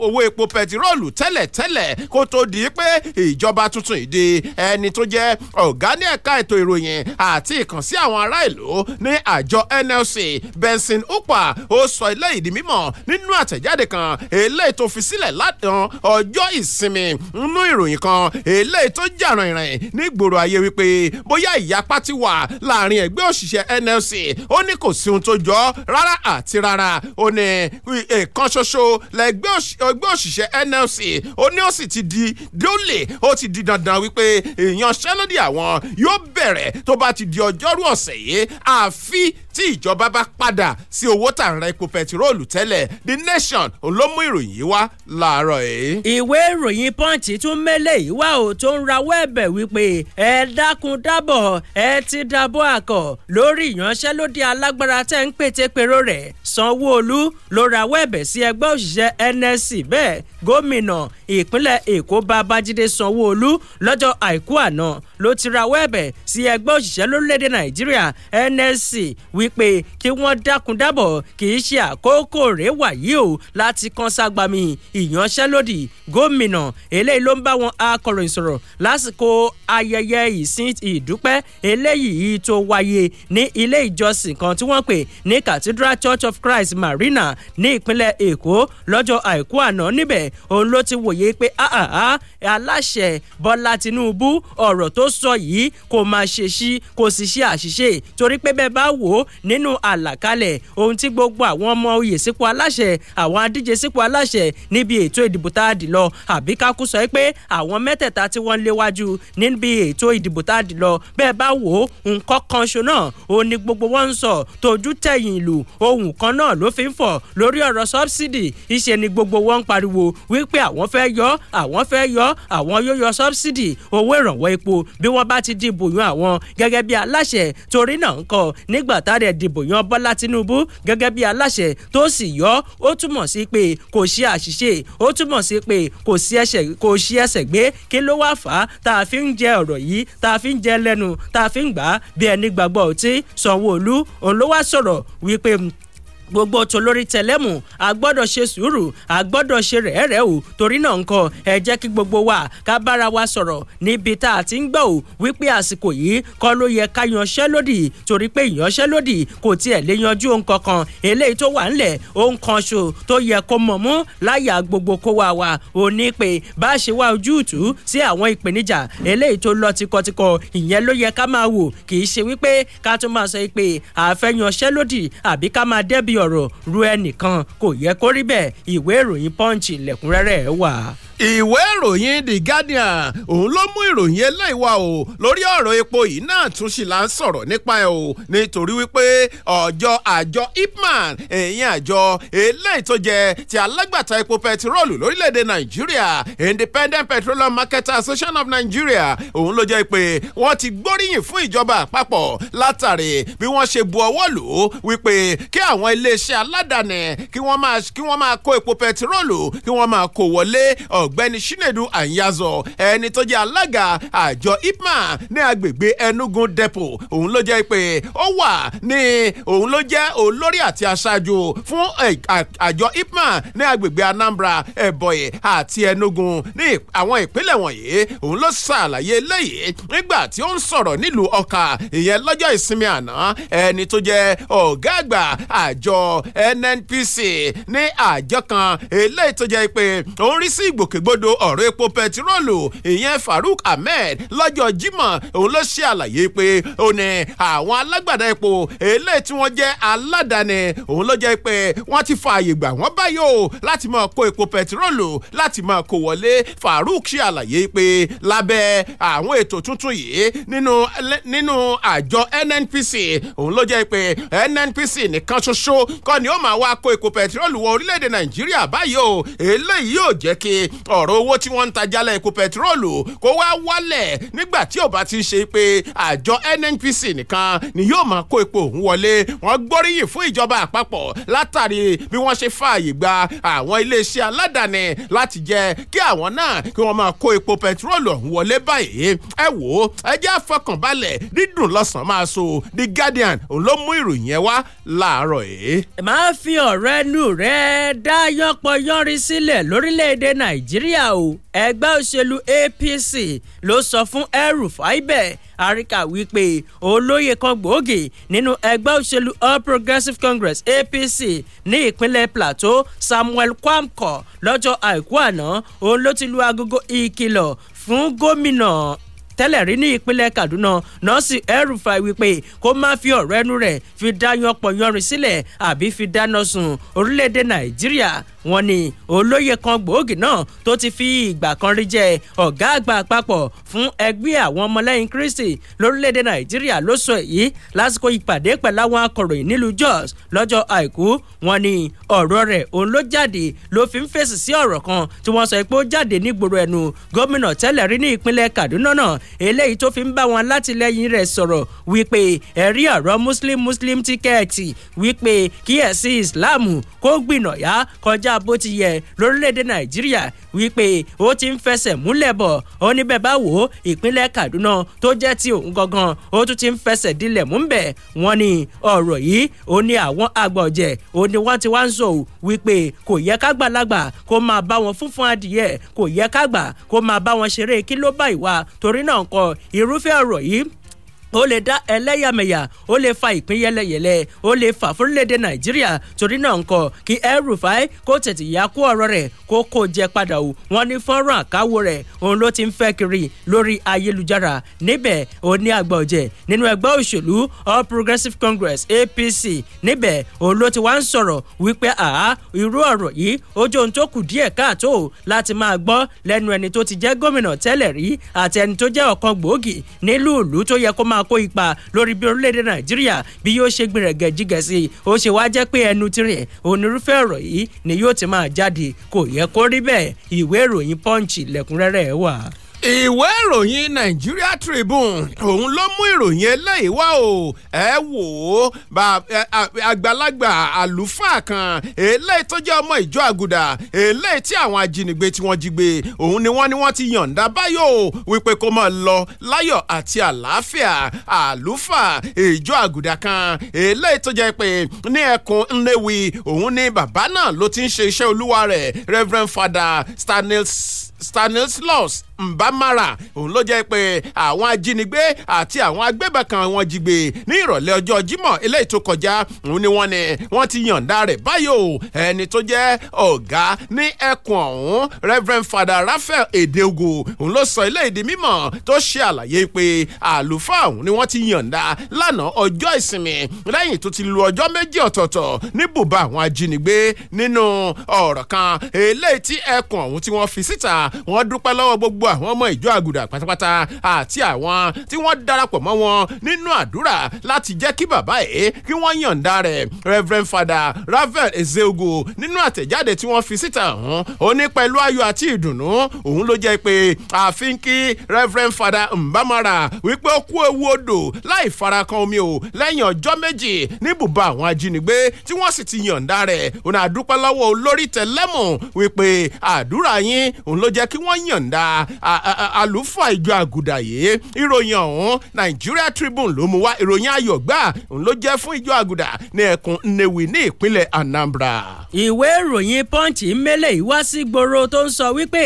owó epo pẹtirọ́ọ̀lù tẹ́lẹ̀tẹ́lẹ̀ kó tó di pé ìjọba tuntun ìdè ẹni tó jẹ́ ọ̀gá ní ẹ̀ka ètò ìròyìn àti ìkànsí àwọn ará ìlú ní àjọ nlc benson upa ó sọ eléyìí di mímọ̀ nínú àtẹ̀jáde kan eléyìí tó fi sílẹ̀ ládàn ọjọ́ ìsinmi nínú ìròyìn kan eléyìí tó jàràn ìrìn nígboro ayé wípé bóyá ìyapa ti wà láàrin ẹgbẹ́ òṣìṣẹ́ nlc ó ní kò sí ohun tó jọ rárá àti rárá ó ní nǹkan ṣoṣo lẹ́gbẹ́ òṣìṣẹ́ nlc báyìí ó ní ó sì ti di dólè ó ti di dandan wípé ìyanṣẹ́lódì àwọn yóò bẹ̀rẹ̀ tó bá ti di ọjọ́rú ọ̀sẹ̀ yìí àfi tí ìjọba bá padà sí owó tà ń ra epo pẹtiróòlù tẹ́lẹ̀ the nation ló mú ìròyìn yìí wá láàárọ̀ yìí. ìwé ìròyìn pọ́ǹtì tún mẹ́lẹ̀ yìí wá ò tó ń rawọ́ ẹ̀bẹ̀ wípé ẹ dákun dábọ̀ ẹ ti dábọ̀ àkọ́ lórí ìyanṣẹ́lódì alágbára tẹ́ ń pètèpèrò rẹ̀ sanwó-olu ló rawọ́ ẹ̀bẹ̀ sí ẹgbẹ́ òṣìṣẹ́ nsc bẹ́ẹ̀ gómìnà ìpínlẹ̀ èkó babájídé sanwó-olu lọ́jọ́ àìkú àná ló ti rawọ́ ẹ̀bẹ̀ sí ẹgbẹ́ òṣìṣẹ́ lórílẹ̀ nàìjíríà nsc wí wípé kí wọ́n dákun dábọ̀ kì í ṣe àkókò rẹ̀ wàyí o láti kan ságbami ìyanṣẹ́lódì gómìnà eléyìí ló ń bá wọn akọ̀ròyìn sọ̀rọ̀ lásìkò ayẹyẹ ìsìn ìdúpẹ́ eléyìí tó wáyé ní ilé ìjọsìn kan tí wọ́n pè ní cathedral church of christ marina ní ìpínlẹ̀ èkó lọ́jọ́ àìkú àná níbẹ̀ òun ló ti wòye pé aláṣẹ bọ́lá tinubu ọ̀rọ̀ tó sọ yìí kò máa ṣe sí kò sì ṣe àṣìṣe torí pé bẹ́ẹ̀ bá wò ó nínú àlàkalẹ̀ ohun tí gbogbo àwọn ọmọ oyè sípò aláṣẹ àwọn adíje sípò aláṣẹ níbi ètò ìdìbò tá a dì lọ àbí kákú sọ pé àwọn mẹ́tẹ̀ẹ̀ta tí wọ́n léwájú níbi ètò ìdìbò tá a dì lọ bẹ́ẹ̀ bá wò ó nǹkan kan ṣo náà ó ní gbogbo wọn ń sọ tójú tẹ̀yìn ìlú ohun kan náà ló fi ń fọ̀ lórí ọ̀rọ̀ sọ́bsidì iṣẹ́ ni gbogbo wọn ń pariwo wípé àwọn fẹ́ yọ àwọn fẹ́ yọ àwọn yóò yọ sọ́bsidì owó ìrànwọ́ epo bí wọ́n bá ti dìbò yan àwọn gẹ́gẹ́ bí aláṣẹ torí náà ń kọ nígbà tá rẹ̀ dìbò yan bọ́lá tinubu gẹ́gẹ́ bí aláṣẹ tó sì yọ ó túmọ̀ sí pé kò ṣe àṣìṣe ó túmọ̀ sí pé kò sí ẹsẹ̀ gbé kí ló wá fà á tá a fi ń jẹ ọ̀rọ̀ yìí tá a fi ń jẹ lẹ́nu tá a fi ń gbà á bí ẹni gbàgbọ́ ọtí sanwó-olú òun ló wá sọ̀rọ̀ wípé gbogbo tolórí tẹlẹmù a gbọ́dọ̀ ṣe sùúrù a gbọ́dọ̀ ṣe rẹẹrẹ o torí náà nǹkan ẹ jẹ́ kí gbogbo wa ká bára wa sọ̀rọ̀ níbi tá a ti ń gbọ́ o wípé àsìkò yìí kọ́ ló yẹ ká yanṣẹ́lódì torí pé ìyanṣẹ́lódì kò tiẹ̀ lè yanjú ohun kankan eléyìí tó wà ńlẹ̀ ohun kan ṣo tó yẹ kó mọ̀ mú láyà gbogbo kó wa wa ò ní pé bá a ṣe wá ojútùú sí àwọn ìpèníjà eléyìí tó lọ tikọtikọ ìyẹn ló yẹ ká máa wò kì í ọ̀rọ̀ ru ẹnìkan kò yẹ kó rí bẹ́ẹ̀ ìwé ìròyìn punch lẹ́kùnrẹ́rẹ́ wà ìwé ìròyìn the guardian òun ló mú ìròyìn eléyìíwá o lórí ọ̀rọ̀ epo yìí náà tún sì là ń sọ̀rọ̀ nípa ẹ̀ o nítorí wípé ọjọ́ àjọ ipman ẹ̀yìn àjọ eléyìí tó jẹ ti alágbàtà epo pẹtiróòlù lórílẹ̀‐èdè nàìjíríà independent petroleum marketer association of nigeria òun ló jẹ́ pé wọ́n ti gbóríyìn fún ìjọba àpapọ̀ látàrí bí wọ́n ṣe bu ọwọ́ lù ú wípé kí àwọn iléeṣẹ́ aládàáni kí wọ́n máa kó epo pẹtiróòlù kí wọ́n máa kó wọlé ọ̀ ọ̀gbẹ́ni Chinedu Anyazo ẹni tó jẹ́ alága àjọ IPMAN ní agbègbè Enugu Depot òun ló jẹ́ pé ó wà ní òun ló jẹ́ olórí àti aṣáájú fún àjọ IPMAN ní agbègbè Anambra Ebonyi àti Enugu ní àwọn ìpínlẹ̀ wọ̀nyí òun ló ṣàlàyé eléyìí nígbà tí ó ń sọ̀rọ̀ nílùú Ọ̀ka ìyẹn lọ́jọ́ ìsinmi àná ẹni tó jẹ́ ọ̀gá àgbà àjọ NNPC ní àjọ kan eléyìí tó jẹ́ pé ó ń rí sí ìgbòkè ìgbòkègbodò ọ̀rọ̀ epo pẹtirọ́ọ̀lù ìyẹn Farouk Ahmed lọ́jọ́ Jímọ̀ òun ló ṣe àlàyé pé ó ní àwọn alágbàdá epo eléyìí tí wọ́n jẹ́ aládàáni òun ló jẹ́ pé wọ́n ti fààyè gbà wọ́n báyìí o láti máa kó epo pẹtirọ́ọ̀lù láti máa kó wọlé Farouk ṣe àlàyé pé lábẹ́ àwọn ètò tuntun yìí nínú nínú àjọ NNPC òun ló jẹ́ pé NNPC nìkan ṣoṣo kọ́ ni ó máa wá kó epo pẹtirọ́ọ̀lù wọ orílẹ̀-èdè Nàìjíríà báyìí o eléyìí yóò jẹ́ kí ọ̀rọ̀ owó tí wọ́n ń ta jálẹ̀ epo pẹtiróòlù kó wá wálẹ̀ nígbà tí ò bá ti ṣe pé àjọ nnpc nìkan ni yóò máa kó epo òun wọlé wọ́n gbóríyìn fún ìjọba àpapọ̀ látàrí bí wọ́n ṣe fààyè gba àwọn iléeṣẹ́ aládàáni láti jẹ́ kí àwọn náà kí wọ́n máa kó epo pẹtiróòlù ọ̀hún wọlé báyìí ẹ wò ó ẹ jẹ́ àfọkànbalẹ̀ dídùn lọ́sàn-án máa so the guardian òun ló mú ìròyìn ẹ wá láàárọ̀ yìí. máa fi ọ̀rẹ́ rẹ dá yánpọ̀ yánrin sílẹ̀ lórílẹ̀‐èdè nàìjíríà nàìjíríà o ẹgbẹ́ òṣèlú apc ló sọ fún El-Rufai bẹ́ẹ̀ àríkà wípé olóyè kan gbòógì nínú ẹgbẹ́ òṣèlú all progressives congress apc ní ìpínlẹ̀ plateau samuel kwamko lọ́jọ́ àìkú àná òun ló ti lu agogo ìkìlọ̀ fún gómìnà tẹ́lẹ̀ rí ní ìpínlẹ̀ kaduna nọ́ọ̀sì El-Rufai wípé kó má fi ọ̀rọ̀ ẹnu rẹ̀ fi dá yanpọ̀ yanrìn sílẹ̀ àbí fi dáná sun orílẹ̀-èdè nàìjíríà wọ́n ní olóyè kan gbòógì náà tó ti fi ìgbà kan rí jẹ́ ọ̀gá àgbà àpapọ̀ fún ẹgbẹ́ àwọn ọmọlẹ́yìn kristi lórílẹ̀‐èdè nàìjíríà ló sọ èyí lásìkò ìpàdé pẹ̀lú àwọn akọ̀ròyìn nílùú jos lọ́jọ́ àìkú wọ́n ní ọ̀rọ̀ rẹ̀ òun ló jáde ló fi ń fèsì sí ọ̀rọ̀ kan tí wọ́n sọ pé ó jáde nígboro ẹnu gómìnà tẹ́lẹ̀ rí ní ìpínlẹ̀ kaduna náà eléyìí tó fi ń bá wọn látìlẹ́yìn rẹ̀ sọ̀rọ̀ wípé ẹ̀rí ọ̀rọ̀ muslim muslim tíkẹ́ẹ̀tì wípé kíyèsí islam kó gbìnà yá kọjá bó ti yẹ lórílẹ̀‐èdè nàìjíríà wípé ó ti ń fẹsẹ̀ múlẹ̀ bọ̀ ó ní bẹ́ẹ̀ bá wò ó ìpínlẹ̀ kaduna tó jẹ́ ti òun gangan ó tún ti ń fẹsẹ̀ dilẹ̀ mú bẹ̀ wọ́n ní ọ̀rọ̀ yìí ó ní àwọn àgbà ọ̀jẹ̀ ó ní wọ́n ti wá ń sọ wípé kò yẹ kágbàlagbà kó máa bá wọn fúnfún adìyẹ kò yẹ kágbà kó máa bá wọn ṣeré kí ló bá ìwà torí náà kọ irúfẹ́ ọ̀rọ̀ yìí ó lè dá ẹlẹ́yàmẹ̀yà ó lè fa ìpín yẹlẹyẹlẹ ó le fà fúnlẹ̀dẹ̀ nàìjíríà torí náà ńkọ́ kí El Rufai kó tètè yá kó ọ̀rọ̀ rẹ̀ kó kó jẹ padà o wọn ní fọ́nrán àkáwò rẹ̀ òun ló ti ń fẹ́ kiri lórí ayélujára níbẹ̀ òun ní àgbà ọ̀jẹ̀ nínú ẹgbẹ́ òṣèlú All Progressives Congress APC níbẹ̀ òun ló ti wá ń sọ̀rọ̀ wípé àá irú ọ̀rọ̀ yìí ojú ohun tó kù díẹ̀ káàtó láti máa gbọ́ lẹ́nu ẹni tó ti jẹ́ gómìnà tẹ́lẹ̀ rí àti ẹni tó jẹ́ ọ̀kan gbòógì nílùú ìlú tó yẹ kó má máa kó ipa lórí bí orílẹ̀-èdè nàìjíríà bí yóò ṣe gbìrẹ̀gẹ̀ jígẹ̀ sí i ó ṣe wá jẹ́ pé ẹnu tirẹ̀ onírúfẹ́ ọ̀rọ̀ yìí ni yóò ti máa jáde kò yẹ kó rí bẹ́ẹ̀ ìwé ìròyìn punch lẹ́kùnrẹ́rẹ́ wà ìwé ìròyìn Nigeria Tribune òun ló mú ìròyìn eléyìí wá o ẹ wò ó àgbàlagbà àlùfáà kan eléyìí tó jẹ́ ọmọ ìjọ àgùdà eléyìí tí àwọn ajínigbé tí wọ́n jí gbé òun ni wọ́n ni wọ́n ti yọ̀ǹda báyò wípé kó máa lọ láyọ̀ àti àlàáfíà àlùfáà ìjọ àgùdà kan eléyìí tó jẹ́ pé ní ẹkùn ńlẹ́wì òun ni bàbá náà ló ti ń ṣe iṣẹ́ olúwa rẹ̀ Reverend Father Stanislaus mbamara òun ló jẹ́ pé àwọn ajínigbé àti àwọn agbébọn kan wọ́n jí gbé ní ìrọ̀lẹ́ ọjọ́ jímọ̀ eléyìí tó kọjá òun ni wọ́n ní wọ́n ti yàǹda rẹ̀ báyò ẹni tó jẹ́ ọ̀gá ní ẹkùn ọ̀hún reverend father raphael edeogo òun ló sọ ilé ìdí mímọ̀ tó ṣe àlàyé pé àlùfáà òun ni wọ́n ti yàǹda lánàá ọjọ́ ìsinmi lẹ́yìn tó ti lu ọjọ́ méjì ọ̀tọ̀ọ̀tọ̀ ní bùbá àwọn ajínigbé nínú ọ̀rọ̀ kan eléyìí tí ẹkùn ọ̀hún tí wọ́n fi síta wọ́n dúpẹ́ lọ́wọ́ gbogbo gbogbo àwọn ọmọ ìjọ àgùdà pátápátá àti àwọn tí wọ́n darapọ̀ mọ́ wọn nínú àdúrà láti jẹ́ kí bàbá yìí kí wọ́n yàǹda rẹ̀ reverend father rafael ezeogo nínú àtẹ̀jáde tí wọ́n fi síta hàn ó ní pẹ̀lú ayọ̀ àti ìdùnnú òun ló jẹ́ pé àfin kí reverend father mbamara wípé ó kú ewu odò láì farakan omi o lẹ́yìn ọjọ́ méjì ní bùbá àwọn ajínigbé tí wọ́n sì ti yàǹda rẹ̀ òun àdúpẹ́ lọ́wọ́ olórí tẹlẹ́mù wípé àdúrà yín òun ló jẹ́ kí wọ́n yàǹda àlùfáà ìjọ àgùdà yìí ìròyìn ọ̀hún Nigeria Tribune ló mú wá ìròyìn ayọ̀ gbà òun ló jẹ́ fún ìjọ àgùdà ní ẹkùn Nnewi ní ìpínlẹ̀ Anambra. ìwé ìròyìn Punch mélé ìwá sí gbòòrò tó ń sọ wípé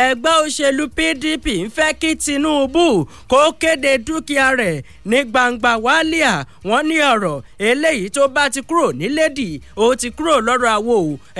ẹgbẹ́ òṣèlú PDP ń fẹ́ kí Tinubu kó kéde dúkìá rẹ̀ ní gbangba wálíà wọ́n ní ọ̀rọ̀ eléyìí tó bá ti kúrò nílẹ̀dì ó ti kúrò lọ́rọ̀ àwo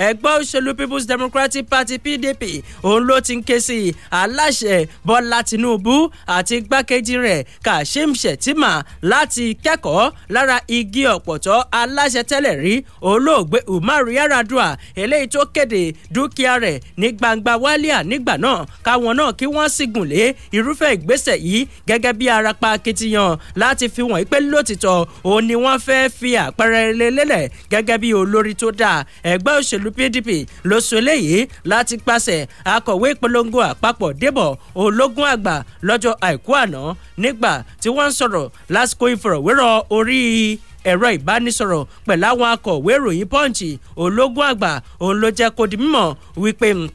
ẹgbẹ́ òṣèlú People's Democratic Party PDP òun ló ti ń ké sí aláṣẹ ẹ̀ṣẹ̀ eh, bọ́lá tinubu àti igbákejì rẹ̀ kashim shettima láti kẹ́kọ̀ọ́ lára igi ọ̀pọ̀tọ́ aláṣẹ tẹ́lẹ̀ rí olóògbé umaru yaradua eléyìí tó kéde dúkìá rẹ̀ ní gbangba wálíà nígbà náà káwọn náà kí wọ́n sì lé irúfẹ́ ìgbésẹ̀ yìí gẹ́gẹ́ bí arapa akitiyan láti fi wọ̀nyí pé lótìtọ́ òun ni wọ́n fẹ́ fi àpẹẹrẹ lélẹ̀ gẹ́gẹ́ bí olórí tó dáa ẹgbẹ́ òṣèlú pdp ló sọ eléyìí láti pàṣẹ akọ̀wé ìpolongo àpapọ̀ débọ̀ ìgbìmọ̀ ológun àgbà lọ́jọ́ àìkú àná nígbà tí wọ́n ń sọ̀rọ̀ lásìkò ìfọ̀rọ̀wérọ̀ orí ẹ̀rọ ìbánisọ̀rọ̀ pẹ̀lú àwọn akọ̀wé ìròyìn pọ́ǹchì ológun àgbà òun ló jẹ́ kó di mímọ̀ wípé hmm,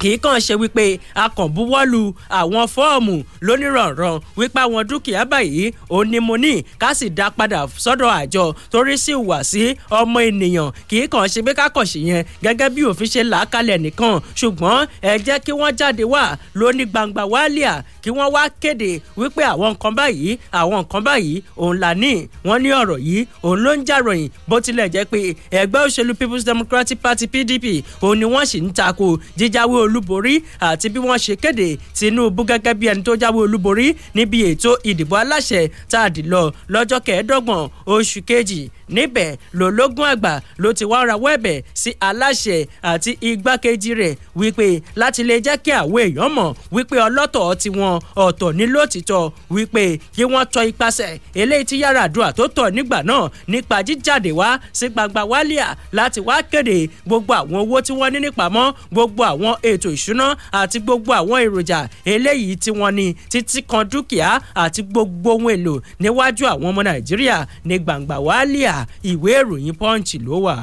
kì í kàn ṣe wípé a kàn buwọ́lu àwọn fọ́ọ̀mù lónírànran wípé àwọn dúkìá báyìí òun ni mo ní ká sì dá padà sọ́dọ̀ àjọ torí sì wà sí ọmọ ènìyàn kì í kàn ṣe pé ká kàn ṣe yẹn gẹ́gẹ́ bí òfin ṣe là á kalẹ̀ nìkan ṣùgbọ́n ẹ jẹ́ kí wọ́n jáde wá lóní gbangba wálíà kí wọ́n wá kéde wípé àwọn nǹkan báyìí àwọn nǹkan báyìí òun là ní wọ́n ní ọ̀rọ̀ yìí òun ló ń jàròyìn bó tilẹ̀ jẹ́ pé ẹgbẹ́ òṣèlú People's Democratic Party PDP òun ni wọ́n sì ń takò jíjáwé olúborí àti bí wọ́n ṣe kéde tinubu gẹ́gẹ́ bí ẹni tó jáwé olúborí níbi ètò ìdìbò aláṣẹ tá a dì lọ lọ́jọ́ kẹẹ̀ẹ́dọ́gbọ̀n oṣù kejì níbẹ̀ lọ́lọ́gùn àgbà ló ti wá rawọ́ ẹ̀bẹ̀ sí aláṣẹ àti igbákejì rẹ̀ wípé láti lè jẹ́ kí àwọn èèyàn mọ̀ wípé ọlọ́tọ̀ tiwọn ọ̀tọ̀ ní lótìtọ́ wípé kí wọ́n tọ ipasẹ̀ eléyìí tí Yar'Adua tó tọ̀ nígbà náà nípa jíjáde wá sí gbangba wálíà láti wá kéde gbogbo àwọn owó tí wọ́n ní nípamọ́ gbogbo àwọn ètò ètò ìṣúná àti gbogbo àwọn èròjà eléyìí tí wọ́n ní títí kan dúkìá àti gbogbo ohun èlò níwájú àwọn ọmọ nàìjíríà ní gbàǹgbà wálíà ìwé ìròyìn punch ló wà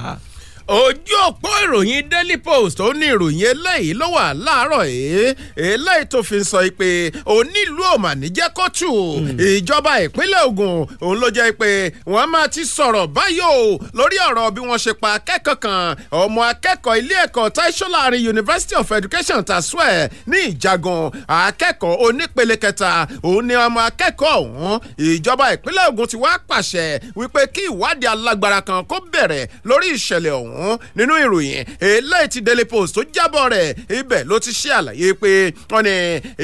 ojú òpó ìròyìn daily post ó ní ìròyìn eléyìí ló wà láàárọ̀ yìí eléyìí tó fi sọ pé onílùú òmà níjẹ́ kọ́tù hmm. ìjọba ìpínlẹ̀ Ògùn òun ló jẹ́ pé wọ́n máa ti sọ̀rọ̀ báyò lórí ọ̀rọ̀ bí wọ́n ṣe pa akẹ́kọ̀ọ́ kan ọmọ akẹ́kọ̀ọ́ ilé ẹ̀kọ́ Taicho University of Education tasue ní Ìjagun akẹ́kọ̀ọ́ onípele kẹta òun ni ọmọ akẹ́kọ̀ọ́ ọ̀hún ìjọba ìpínlẹ̀ Ògùn ti wá pàṣẹ wípé kí ìwádìí alágbára kan kó bẹ̀rẹ̀ ọ̀hún nínú ìròyìn eléyìí ti Daily Post tó jábọ̀ rẹ̀ ibẹ̀ ló ti ṣe àlàyé pé wọ́n ní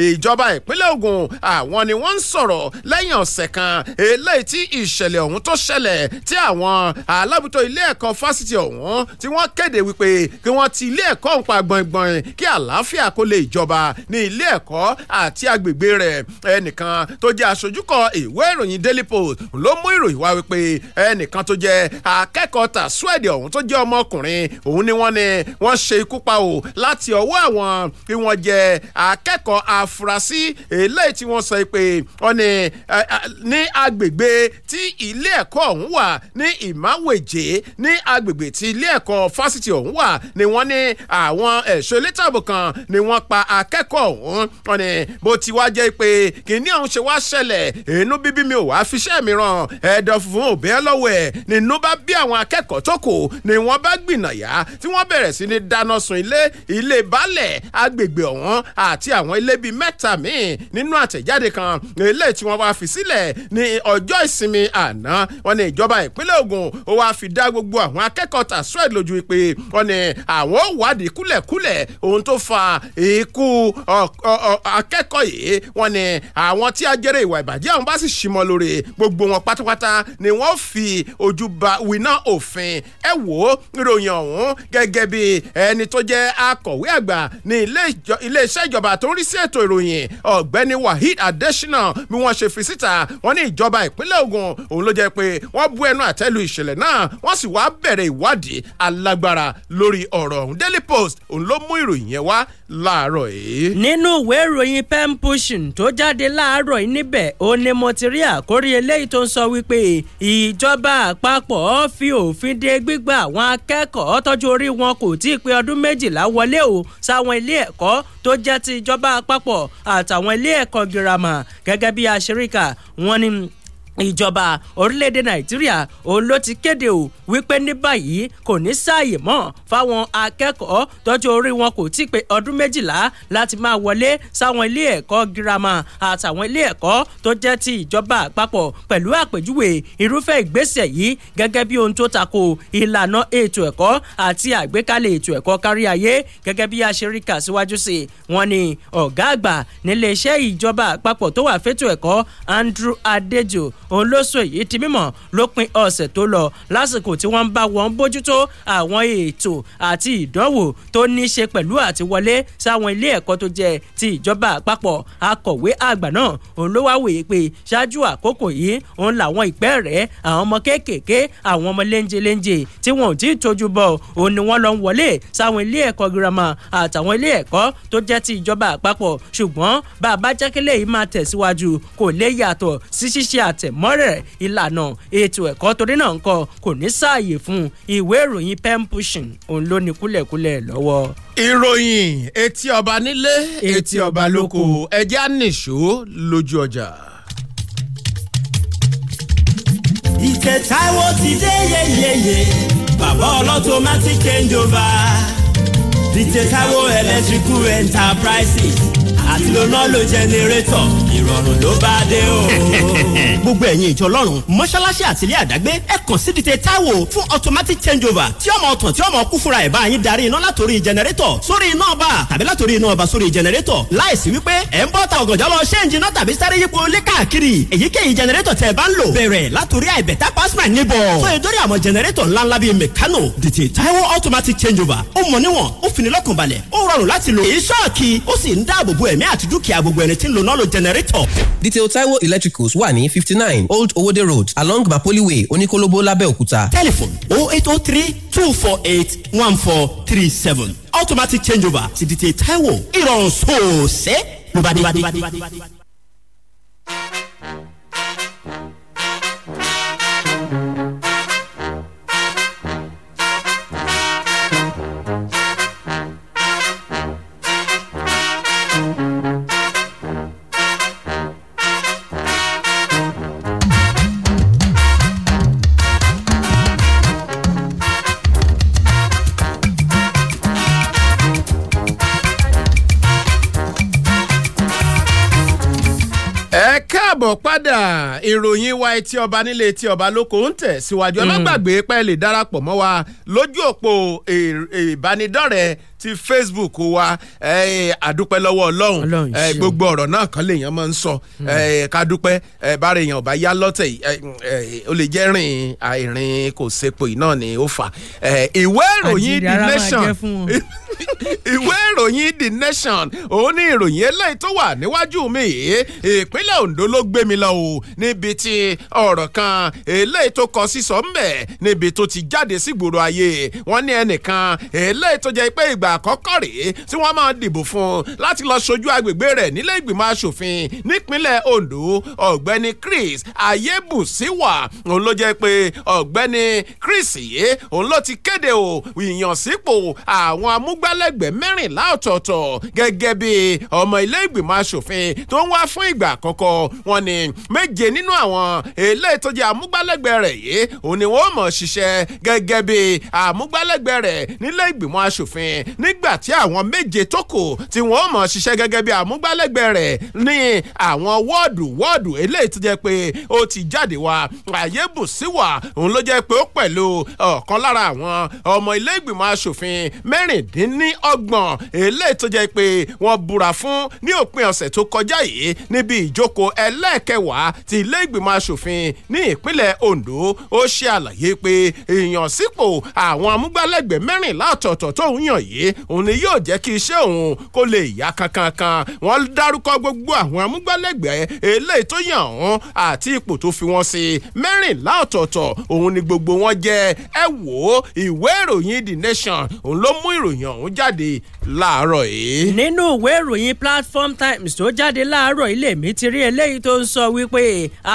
ìjọba ìpínlẹ̀ Ògùn àwọn ni wọ́n ń sọ̀rọ̀ lẹ́yìn ọ̀sẹ̀ kan eléyìí tí ìṣẹ̀lẹ̀ ọ̀hún tó ṣẹlẹ̀ tí àwọn alábùtó ilé ẹ̀kọ́ fásitì ọ̀hún tí wọ́n kéde wípé kí wọ́n ti ilé ẹ̀kọ́ ọ̀hún pa gbọ̀ngbọ̀n kí àlàáfíà kó lè jọba ní ilé ẹ̀kọ́ àti agbègbè rẹ̀ ẹnìkan tó jẹ́ aṣojúkọ ìwé ìròyìn Daily Post ló mú ìròyìn wá wípé ẹnìkan tó jẹ́ akẹ́kọ̀ọ́ tà Sweden ọ̀hún tó jẹ́ ọmọ ọkùnrin òun ni wọ́n ni wọ́n ṣe ikú pa o láti ọwọ́ àwọn kí wọ́n jẹ akẹ́kọ̀ọ́ afurasí eléyìí tí wọ́n sọ pé wọ́n ni ní agbègbè tí ilé ẹ̀kọ́ ọ̀hún wà ní ìmáwèjé ní agbègbè tí ilé ẹ̀kọ́ fásitì ọ̀hún wà ni wọ́n ní àwọn ẹ̀ṣọ́ elétàbò kan ni wọ́n pa akẹ́kọ̀ọ́ ọ̀hún wọ́n ni bó ti wá jẹ́ pé kìnìún ọ̀hún ṣe wá ṣẹlẹ̀ inú bíbí mi ò wá fiṣẹ́ mi ràn ẹ̀dọ̀ fún òbí ẹ lọ́wọ́ ẹ̀ nínú bá bí àwọn akẹ́kọ̀ọ́ tó kù ni wọ́n bá gbìnàyà tí wọ́n bẹ̀rẹ̀ sí ní dáná sun ilé ilé baálẹ̀ agbègbè ọ̀hún àti àwọn ilé bíi mẹ́ta míì nínú àtẹ̀jáde kan ilé tí wọ́n wá fi sílẹ̀ ní ọjọ́ ìsinmi àná wọ́n ní ìjọba ìpínlẹ̀ Ògùn ó wá fi dá gbogbo àwọn akẹ́kọ̀ọ́ tàṣọ́ẹ̀ lójú pé wọ́n ní àwọn ò wádìí kúlẹ̀kúlẹ̀ ohun tó fa ikú akẹ́kọ̀ọ́ yìí wọ́n ní àwọn tí ajẹ́rẹ́ ìwà ìbàjẹ́ àwọn bá sì ṣìmọ̀ lórí gbogbo wọn pátápátá ni wọ́n fi ojú ba wíná òfin ẹ wò ó ìròyìn ọ̀hún gẹ́gẹ́ bí ẹni tó jẹ́ akọ̀wé àgbà ní iléeṣẹ́ ìjọba tó ń rí sí ètò ìròyìn ọ̀gbẹ́ni waheed adesina bí wọ́n ṣe fi síta wọ́n ní ìjọba ìpínlẹ̀ ogun òun ló jẹ́ pé wọ́n bu ẹnu àtẹ́lu ìṣẹ̀lẹ̀ náà wọ́n sì wá bẹ̀rẹ̀ ìwádìí alágbára lórí ọ̀rọ̀ ọ̀hún daily post òun ló mú ìròyìn yẹn wá láàárọ̀ yìí. nínú ìwé ìròyìn pen pushing tó jáde láàárọ̀ yìí níbẹ̀ ó ní mo ti rí àkórí eléyìí tó ń sọ wípé ìjọba àpapọ̀ fi òfin de gbígbà àwọn akẹ́ akẹ́kọ̀ọ́ tọ́jú orí wọn kò tí ì pé ọdún méjìlá wọlé o sáwọn ilé ẹ̀kọ́ tó jẹ́ ti ìjọba àpapọ̀ àtàwọn ilé ẹ̀kọ́ girama gẹ́gẹ́ bí aṣeríkà wọn ni ìjọba orílẹ̀-èdè nàìjíríà òun ló ti kéde ò wípé ní báyìí kò ní sáàyè mọ́ fáwọn akẹ́kọ̀ọ́ tọ́jú orí wọn kò tí ì pé ọdún méjìlá láti máa wọlé sáwọn ilé ẹ̀kọ́ girama àtàwọn ilé ẹ̀kọ́ tó jẹ́ ti ìjọba àpapọ̀ pẹ̀lú àpèjúwe irúfẹ́ ìgbésẹ̀ yìí gẹ́gẹ́ bí ohun tó tako ìlànà ètò ẹ̀kọ́ àti àgbékalẹ̀ ètò ẹ̀kọ́ kárí ayé gẹ́gẹ́ bí aṣeríkà síwájú sí wọn ni ọ̀gá àgbà níléeṣẹ́ ìjọba àpapọ̀ tó wà fétò ẹ̀kọ́ Andrew Adejo òun ló sọ èyí di mímọ̀ lópin ọ̀sẹ̀ tó lọ lásìkò tí wọ́n bá wọn bójútó àwọn ètò àti ìdánwò tó ní í ṣe pẹ̀lú àtiwọlé sáwọn ilé ẹ̀kọ́ tó jẹ́ ti ìjọba àpapọ̀ akọ̀wé àgbà náà òun ló wá wòye pé ṣáájú àkókò yìí òun làwọn ìpẹ́ rẹ̀ àwọn ọmọ kéékèèké àwọn ọmọ léńjeléńje tí wọn ò tí ì tójú bọ̀ òun ni wọ́n lọ ń wọlé sáwọn ilé ẹ̀kọ́ girama àtàwọn ilé ẹ̀kọ́ tó jẹ́ ti ìjọba àpapọ̀ ṣùgbọ́n bàbá jákèlé yìí máa tẹ̀síwájú kò lè yàtọ̀ sí ṣíṣe àtẹ̀m mọ́rẹ̀ ìlànà ètò ẹ̀kọ́ torí náà ńkọ́ kò ní sáàyè fún ìwé ìròyìn pen òun ló ní kúlẹ̀kúlẹ̀ lọ́wọ́ ìròyìn etí ọba nílé etí ọba lóko ẹjẹ ànìṣó lójú ọjà. ìtẹ̀tàwọ̀ ti dé yeyeye bàbá ọlọ́tọ̀mátì change over ìtẹ̀tàwọ̀ electrical enterprises àti lọ́nà ló jẹnẹrétọ̀ ìrọ̀rùn ló bá dé o. gbogbo ẹ̀yin ìjọ lọ́rùn mọ́ṣáláṣí àtìlẹ́ àdágbé ẹ kàn sí dìde táwò fún automatic changeover tí ọmọ ọ̀tàn tí ọmọ ọkú fúnra ẹ̀ bá yín darí iná látòrí jẹnẹrétọ̀ sórí iná ọba tàbí látòrí iná ọba sórí jẹnẹrétọ̀ láìsí wípé ẹ̀ ń bọ́ ta ọ̀gànjọ́ lọ ṣéǹjì náà tàbí sáré yípo lé káàkiri èyíkéyìí jẹnẹrétọ̀ tẹ̀ bá ń lò bẹ̀rẹ̀ látòrí àìbẹ̀tà pásmà níbọ̀ tó yẹ dórí àwọn jẹnẹrétọ̀ ńláńlá bíi mẹ̀kánò dìtì táwò automatic changeover ó mọ̀ níwọ̀n ó fini lọ́kànbalẹ̀ ó rọrùn láti lò èyí ṣọ́ọ̀kì ó sì ń dáàbò bo ẹ̀mí ẹ̀mí àti gbogbo ẹni tí ń lo nọ́ọ̀lù jẹnẹrétọ̀. detail taiwo electricals wà ní fifty nine old owode road along mapoli way oníkólóbó lábẹ́òkúta. telephone oh eight oh three two four eight one four three seven automatic changeover ti detail taiwo ìrọ̀rùn sóòsẹ́ ló bá dé. ìròyìn wa etí ọba nílé etí ọba lóko ń tẹ̀ síwájú ẹ má hmm. gbàgbé pé darapọ̀ mọ́ wa lójú òpó e, e, ìbánidọ́rẹ̀ẹ́ ti facebook wa àdúpẹ́ lọ́wọ́ ọlọ́run gbogbo ọ̀rọ̀ náà kan lèèyàn máa ń sọ hmm. kádúpẹ́ bára èèyàn ò yá lọ́tẹ̀ ó lè jẹ́ rìn àìrìn kò sepo iná ni ó fà ìwé ìròyìn the nation ìwé ìròyìn the nation òun ní ìròyìn eléyìí tó wà níwájú mi yìí ìpínlẹ̀ ondo ló gbé mi lọ o níbi tí ọ̀rọ̀ kan eléyìí tó kọ sísọ mbẹ̀ níbi tó ti jáde sígboro ayé wọn ní ẹnìkan eléyìí tó jẹ́ pé ìgbà àkọ́kọ́ rèé tí wọ́n máa dìbò fún un láti lọ sojú agbègbè rẹ̀ nílé ìgbìmọ̀ asòfin nípínlẹ̀ Ondo ọ̀gbẹ́ni Chris Ayébùsíwà òun ló jẹ́ pé ọ̀gbẹ́ni Chris yìí òun ló ti kéde o ìyànsípò àwọn amúgbálẹ́gbẹ̀ẹ́ mẹ́rìnlá ọ̀tọ̀ọ̀tọ̀ gẹ́gẹ́ bí ọmọ ilé ìgbìmọ̀ asòfin tó ń wá fún ìgbà àkọ́kọ́ wọn ni méje nínú àwọn eléyìí tó jẹ́ amúgbálẹ́gbẹ̀ẹ́ rẹ̀ yìí òun ni wọ́n mọ̀ ṣiṣẹ́ gẹ́gẹ́ bí amúgbálẹ́gbẹ̀ẹ́ rẹ̀ nílé ìgbìmọ̀ asòfin nígbà tí àwọn méje tó kù tí wọ́n mọ̀ ṣiṣẹ́ gẹ́gẹ́ bí amúgbálẹ́gbẹ̀ẹ́ rẹ̀ ní àwọn wọ́ọ̀dù wọ́ọ̀dù eléyìí tó jẹ́ pé ó ti jáde wá àyébùsí wà òun ló jẹ́ pé ó pẹ̀lú ọ̀kan lára àwọn ọmọ ilé ìgbìmọ̀ asòfin mẹ́rìndínlọ́gbọ̀n eléyìí tó jẹ́ pé wọ́n búra fún ní òpin ọ̀sẹ̀ tó kọjá yìí níbi ìjókòó ẹlẹ́ẹ̀kẹwàá ti ilé ìgbìmọ̀ asòfin ní ìpínlẹ̀ Ondo ó ṣe àlàyé pé ìyànsípò àwọn amúgbálẹ́gbẹ̀ẹ́ mẹ́rìnlá ọ̀tọ̀ọ̀tọ̀ tó yàn yìí òun ni yóò jẹ́ kí iṣẹ́ òun kó lè yá kankankan wọ́n dárúkọ gbogbo àwọn amúgbálẹ́gbẹ̀ẹ́ eléyìí tó yàn wọ́n àti ipò tó fi wọ́n sí mẹ́rìnlá ọ̀tọ̀ọ̀tọ̀ òun ni gbogbo wọn jẹ́ ẹ wò ó ìwé ìròyìn the nation òun ló mú ìròyìn ọ̀hún jáde láàárọ̀ yìí. nínú ìwé ìròyìn platform times tó jáde láàárọ̀ ilé mi ti rí eléyìí tó ń sọ wípé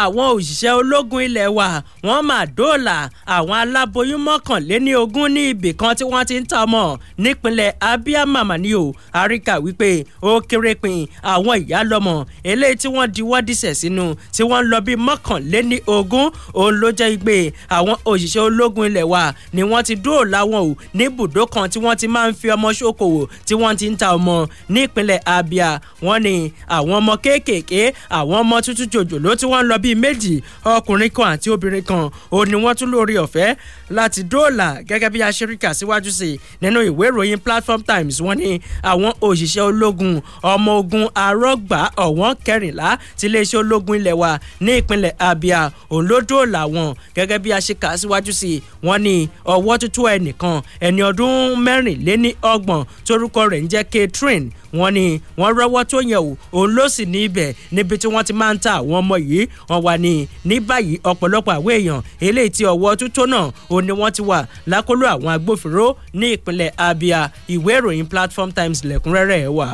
àwọn òṣìṣẹ́ ológun ilẹ̀ wa wọ́n máa dóòlà àwọn aláboyún mọ́kànléní ogún ní ibì kan tí wọ́n ti ń ta ọmọ nípínlẹ̀ ìpínlẹ̀ abia mama ni o àríkà wípé ó kéré pin àwọn ìyá lọ́mọ eléyìí tí wọ́n diwọ́ dísẹ̀ sínú tí wọ́n lọ bí mọ́kànléní ogún òun ló jẹ́ igbe àwọn òṣìṣẹ́ ológun ilẹ̀ wa ni wọ́n ti dóòlà wọn o ní ibùdó kan tí wọ́n ti máa ń fi ọmọ ṣókòwò tí wọ́n ti ń ta ọmọ ní ìpínlẹ̀ abia wọ́n ní àwọn ọmọ kéékèèké àwọn ọmọ tuntun jòjòló tí wọ́n lọ bíi méjì ọkùnrin kan àti obìnrin kan òun ni wọ́n tún lórí ọ̀fẹ́ láti dóòlà gẹ́gẹ́ bí aṣeríkà síwájú sí nínú ìwé ìròyìn platform times wọ́n ní àwọn òṣìṣẹ́ ológun ọmọ ogun arọ́gbà ọ̀wọ́n kẹrìnlá ti iléeṣẹ́ ológun ilẹ̀ wa ní ìpínlẹ̀ abia òun ló dóòlà wọn gẹ́gẹ́ bí a ṣe kà á síwájú sí i wọ́n ní ọwọ́ tuntun ẹnìkan ẹni ọdún mẹ́rìnléní ọgbọ̀n torúkọ rẹ̀ ń jẹ́ Catherine wọ́n ní wọ́n rọ́wọ́ tó yẹn o òun ló sì ní ibẹ̀ níbi tí wọ́n ti máa ń ta àwọn ọmọ yìí wọ́n wà ní ní báyìí ọ̀pọ̀lọpọ̀ àwọn èèyàn eléyìí tí ọwọ́ tútó náà òun ni wọ́n ti wà lákọlò àwọn agbófinró ní ìpínlẹ̀ Abia ìwé ìròyìn Platform Times lẹ́kúnrẹ́rẹ́ ẹ̀ wà.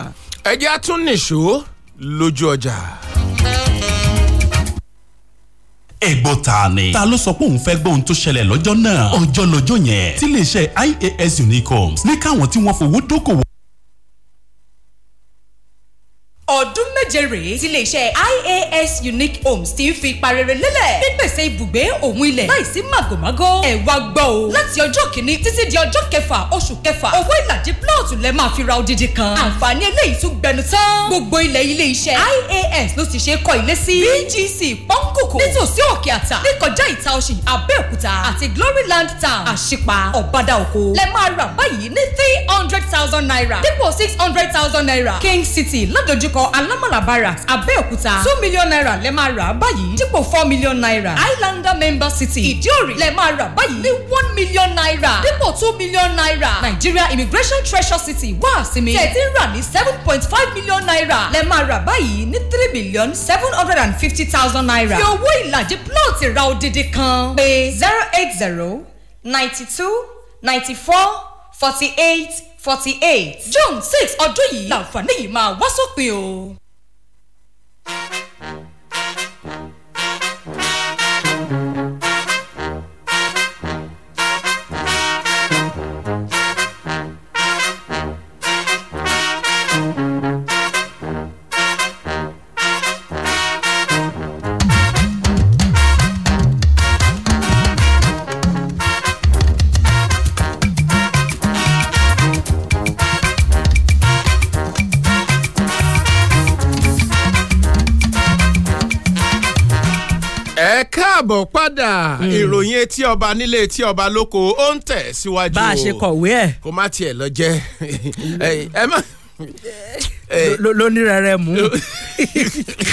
ẹ jẹ́ àtúnìṣó lójú ọjà ẹ̀gbọ́n ta ni. ta ló sọ pé òun fẹ́ gbọ́ ohun tó ṣẹlẹ̀ lọ́jọ́ náà ọjọ́ lọ́jọ́ yẹn tí iléeṣẹ́ IAS Unicoms ní káwọn tí wọ́n fowó dókòwò ọdún méje rèé tí iléeṣẹ́ ias unique homes ti ń fi ipa rere lélẹ̀ pípèsè ibùgbé òun ilẹ̀ láìsí màgòmágó ẹ̀ wá gbọ́ o láti ọjọ́ kìíní títí di ọjọ́ kẹfà oṣù kẹfà owó ìlàjì plọ́ọ̀tù lẹ máa fi ra odidi kan àǹfààní eléyìí tún gbẹnu tán gbogbo ilẹ̀ iléeṣẹ́ ias ló ti ṣe é kọ́ ilé sí bgc pọ́ńkòkò nítòsí òkè àtà níkọjá ìta ọ̀sìn abẹ́òkúta àti gloryland town àṣìpà ọ̀bàdà òkò lẹ máa rà three hundred thousand naira dípò six hundred thousand naira king city ládojúk ìdojúkọ alámàlà barracks abẹ́òkúta two million naira lẹ́ máa rà báyìí dípò four million naira islander member city ìdíòrì lẹ́ máa rà báyìí ní one million naira dípò two million naira nigeria immigration treasure city wá sí mi tẹ̀tí rà ní seven point five million naira lẹ́ máa rà báyìí ní three million seven hundred and fifty thousand naira fi owó ìlàjì plọ́ọ̀tì ra odidi kan pé zero eight zero ninety two ninety four forty eight forty eight june six ọdún yìí làǹfààní yìí máa wá sópin o. etí ọba nílé etí ọba lóko ó ń tẹ̀ síwájú o bá a ṣe kọ̀wé ẹ̀ kó má tiẹ̀ lọ jẹ́ ẹ má lónírẹ̀rẹ̀ mú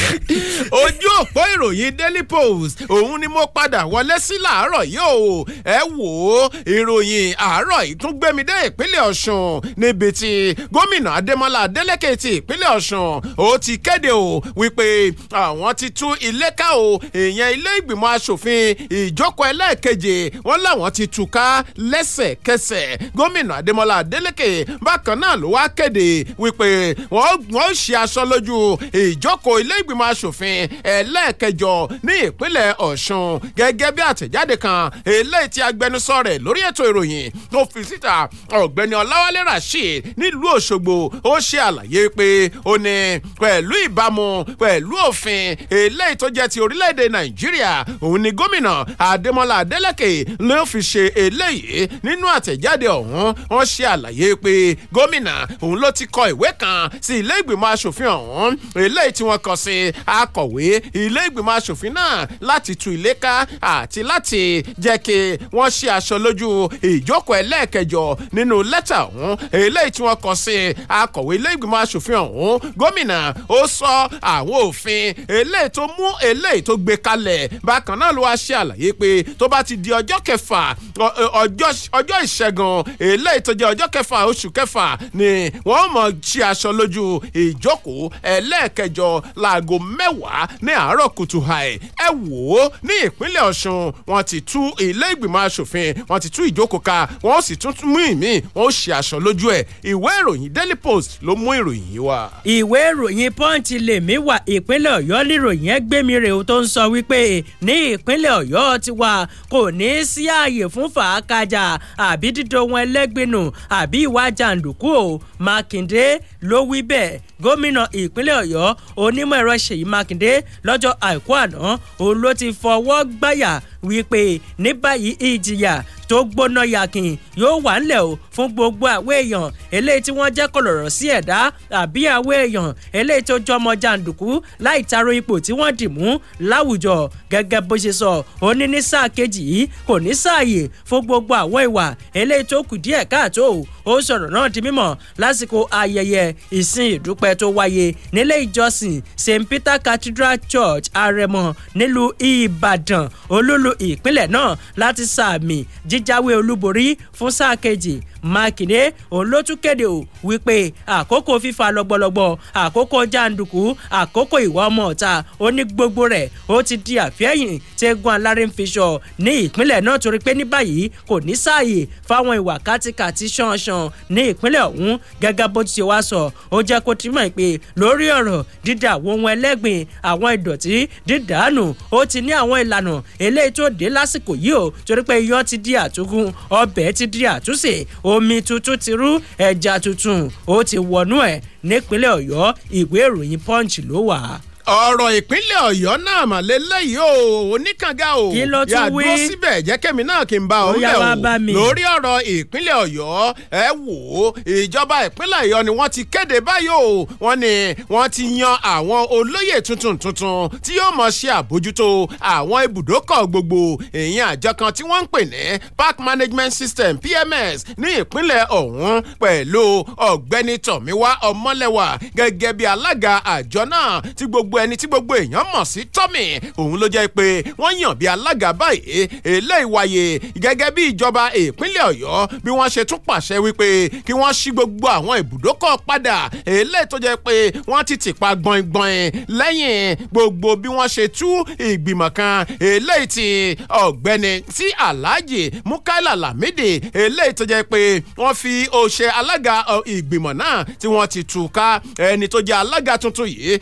òpó ìròyìn daily post òun ni mo padà wọlé sí làárọ̀ yìí o ẹ wò ó ìròyìn àárọ̀ yìí tún gbé mi dé ìpínlẹ̀ ọ̀ṣun níbi tí gómìnà adémọlá adélèké ti ìpínlẹ̀ ọ̀ṣun ó ti kéde o wípé àwọn ti tú ilé ká o ìyẹn ilé ìgbìmọ̀ asòfin ìjókòó ẹlẹ́ẹ̀keje wọn làwọn ti tú ká lẹ́sẹ̀kẹsẹ̀ gómìnà adémọlá adélèké bákan náà ló wá kéde wípé wọn ó ṣe aṣọ lójú ìjókòó ilé ìgbìmọ̀ asòfin ẹlẹ́ ẹlẹ́ẹ̀kẹjọ ní ìpínlẹ̀ ọ̀ṣun gẹ́gẹ́ bí àtẹ̀jáde kan eléyìí tí agbẹnusọ rẹ̀ lórí ètò ìròyìn tó fi síta ọ̀gbẹ́ni ọláwálé rasheed nílùú òṣogbo ó ṣe àlàyé pé ó ní pẹ̀lú ìbámu pẹ̀lú òfin eléyìí tó jẹ́ ti orílẹ̀-èdè nàìjíríà òun ni gómìnà adémọlá adélèké ló fi ṣe eléyìí nínú àtẹ̀jáde ọ̀hún wọ́n ṣe àlàyé pé gómìnà òun ló ti kọ ìwé kan sí ilé ìgbìmọ̀ asòfin ọ̀hún eléyìí tí wọ́n kọ sí akọ̀wé ilé ìgbìmọ̀ asòfin náà láti tú ilé ká àti láti jẹ́ kí wọ́n ṣe aṣọ lójú ìjókòó ẹlẹ́ẹ̀kẹjọ nínú lẹ́tà ọ̀hún eléyìí tí wọ́n kọ sí akọ̀wé ilé ìgbìmọ̀ asòfin ọ̀hún gómìnà ó sọ àwọn òfin eléyìí tó mú eléyìí tó gbé kalẹ̀ bákan náà ló wá ṣe àlàyé pé tó bá ti di ọjọ́ kẹfà ọjọ́ ìṣẹ́gun eléyìí tó jẹ́ ọjọ́ kẹfà oṣù kẹfà ni wọ́n mọ̀ ṣe aṣọ lójú ìjókòó ẹlẹ́ẹ̀kẹjọ láago mẹ́wàá ní àárọ̀ àárọ̀ kùtù hàì ẹ wò ó ní ìpínlẹ̀ ọ̀ṣun wọ́n ti tú ilé ìgbìmọ̀ asòfin wọ́n ti tú ìjókòó ka wọ́n sì tún mú ìmí wọ́n ó ṣe aṣọ lójú ẹ̀ ìwé ìròyìn daily post ló mú ìròyìn yìí ìwé ìròyìn punch lè mí wà ìpínlẹ̀ ọ̀yọ́ líròyìn ẹ gbé mi rèé tó ń sọ wípé ní ìpínlẹ̀ ọ̀yọ́ ti wà kò ní í sí ààyè fún fàákàjà àbí dídó wọn ẹlẹ́gbinu àbí ìwà jàǹdùkú o mákindé ló wí bẹ́ẹ̀ gómìnà ìpínlẹ̀ ọ̀yọ́ onímọ̀ ẹ̀rọ ṣèyí mákindé lọ lọ́jọ́ àìkú àná òun ló ti fọwọ́ gbáyà wípé ní báyìí ìjìyà tó gbóná yakin yóò wà ńlẹ̀ o fún gbogbo àwọn èèyàn eléyìí tí wọ́n jẹ́ kọ̀lọ̀rọ̀ sí ẹ̀dá àbí àwọn èèyàn eléyìí tó jọmọ jàǹdùkú láì taro ipò tí wọ́n dì mú láwùjọ gẹ́gẹ́ bó ṣe sọ ó ní ní sáà kejì yìí kò ní sáàyè fún gbogbo àwọn ìwà eléyìí tó kù díẹ̀ káàtó ó sọ̀rọ̀ náà di mímọ̀ lásìkò ayẹyẹ ìsìn ìdúpẹ́ tó wáyé nílé ìjọsìn st peter cathedral church arẹmọ nílùú ìbàdàn olúlu ìpínlẹ̀ náà láti sàmì jíj jáwé olúborí fún sáà kejì mákindé òun ló tún kéde o wípé àkókò fífa lọ́gbọ̀lọ́gbọ̀ àkókò jàǹdùkú àkókò ìwà ọmọ ọ̀tá ó ní gbogbo rẹ̀ ó ti di àfẹ́yìn tẹ́gun alárin fiṣọ ní ìpínlẹ̀ náà torí pé ní báyìí kò ní sáàyè fáwọn ìwà kátikàti ṣanṣan ní ìpínlẹ̀ ọ̀hún gẹ́gẹ́ bó ti wá sọ ó jẹ́ kó ti mọ̀ pé lórí ọ̀rọ̀ dídá ohun ẹlẹ́gbìn àwọn ìdọ̀tí dídánù ó ti ní àwọn ìlànà eléyìí tó dé lásìkò yìí o torí pé iyán ti di àtúnkún ọbẹ̀ ti di àtúnṣe omi tuntun ti rú ẹja tuntun ó ti wọnú ẹ̀ nípínlẹ̀ ọ̀yọ́ ìwé ìròyìn punch ló wà ọ̀rọ̀ ìpínlẹ̀ ọ̀yọ́ náà mà lélẹ́yìí o oníkanga o kí ló tún wí yàdúró síbẹ̀ jẹ́ kẹ́mi náà kí n bá ọ lẹ̀ o lórí ọ̀rọ̀ ìpínlẹ̀ ọ̀yọ́ ẹ wò ó ìjọba ìpínlẹ̀ ọ̀yọ́ ni wọ́n ti kéde báyìí o wọ́n ní wọ́n ti yan àwọn olóyè tuntun tuntun tí yóò mọ̀ ṣe àbójútó àwọn ibùdókọ̀ gbogbo ìyẹn àjọ kan tí wọ́n ń pè ní park management system pms ní ìpínlẹ̀ ọ̀hún pẹ̀lú ọ̀gbẹ́ni tọ̀míwá ọmọlẹ́wà gẹ́gẹ́ bí alága àjọ náà tí gbogbo ẹni tí gbogbo èèyàn mọ̀ sí Tommy òun ló jẹ́ pé wọ́n yàn bí alága báyìí eléyìí wáyé gẹ́gẹ́ bí ìjọba ìpínlẹ̀ Ọ̀yọ́ bí wọ́n ṣe tún pàṣẹ wípé kí wọ́n ṣí gbogbo àwọn ibùdókọ̀ padà eléyìí tó jẹ́ pé wọ́n ti tìpa gbọ̀ngbọ̀n lẹ́yìn gbogbo bí wọ́n ṣe tú ìgbìmọ̀ kan eléyìí ti ọ̀gbẹ́ni tí Alhaji Mukaila Lamidi eléyìí tó jẹ́ pé wọ́n fi òṣè alága ìgbìmọ̀ náà tí wọ́n ti tú ká ẹni tó jẹ́ alága tuntun yìí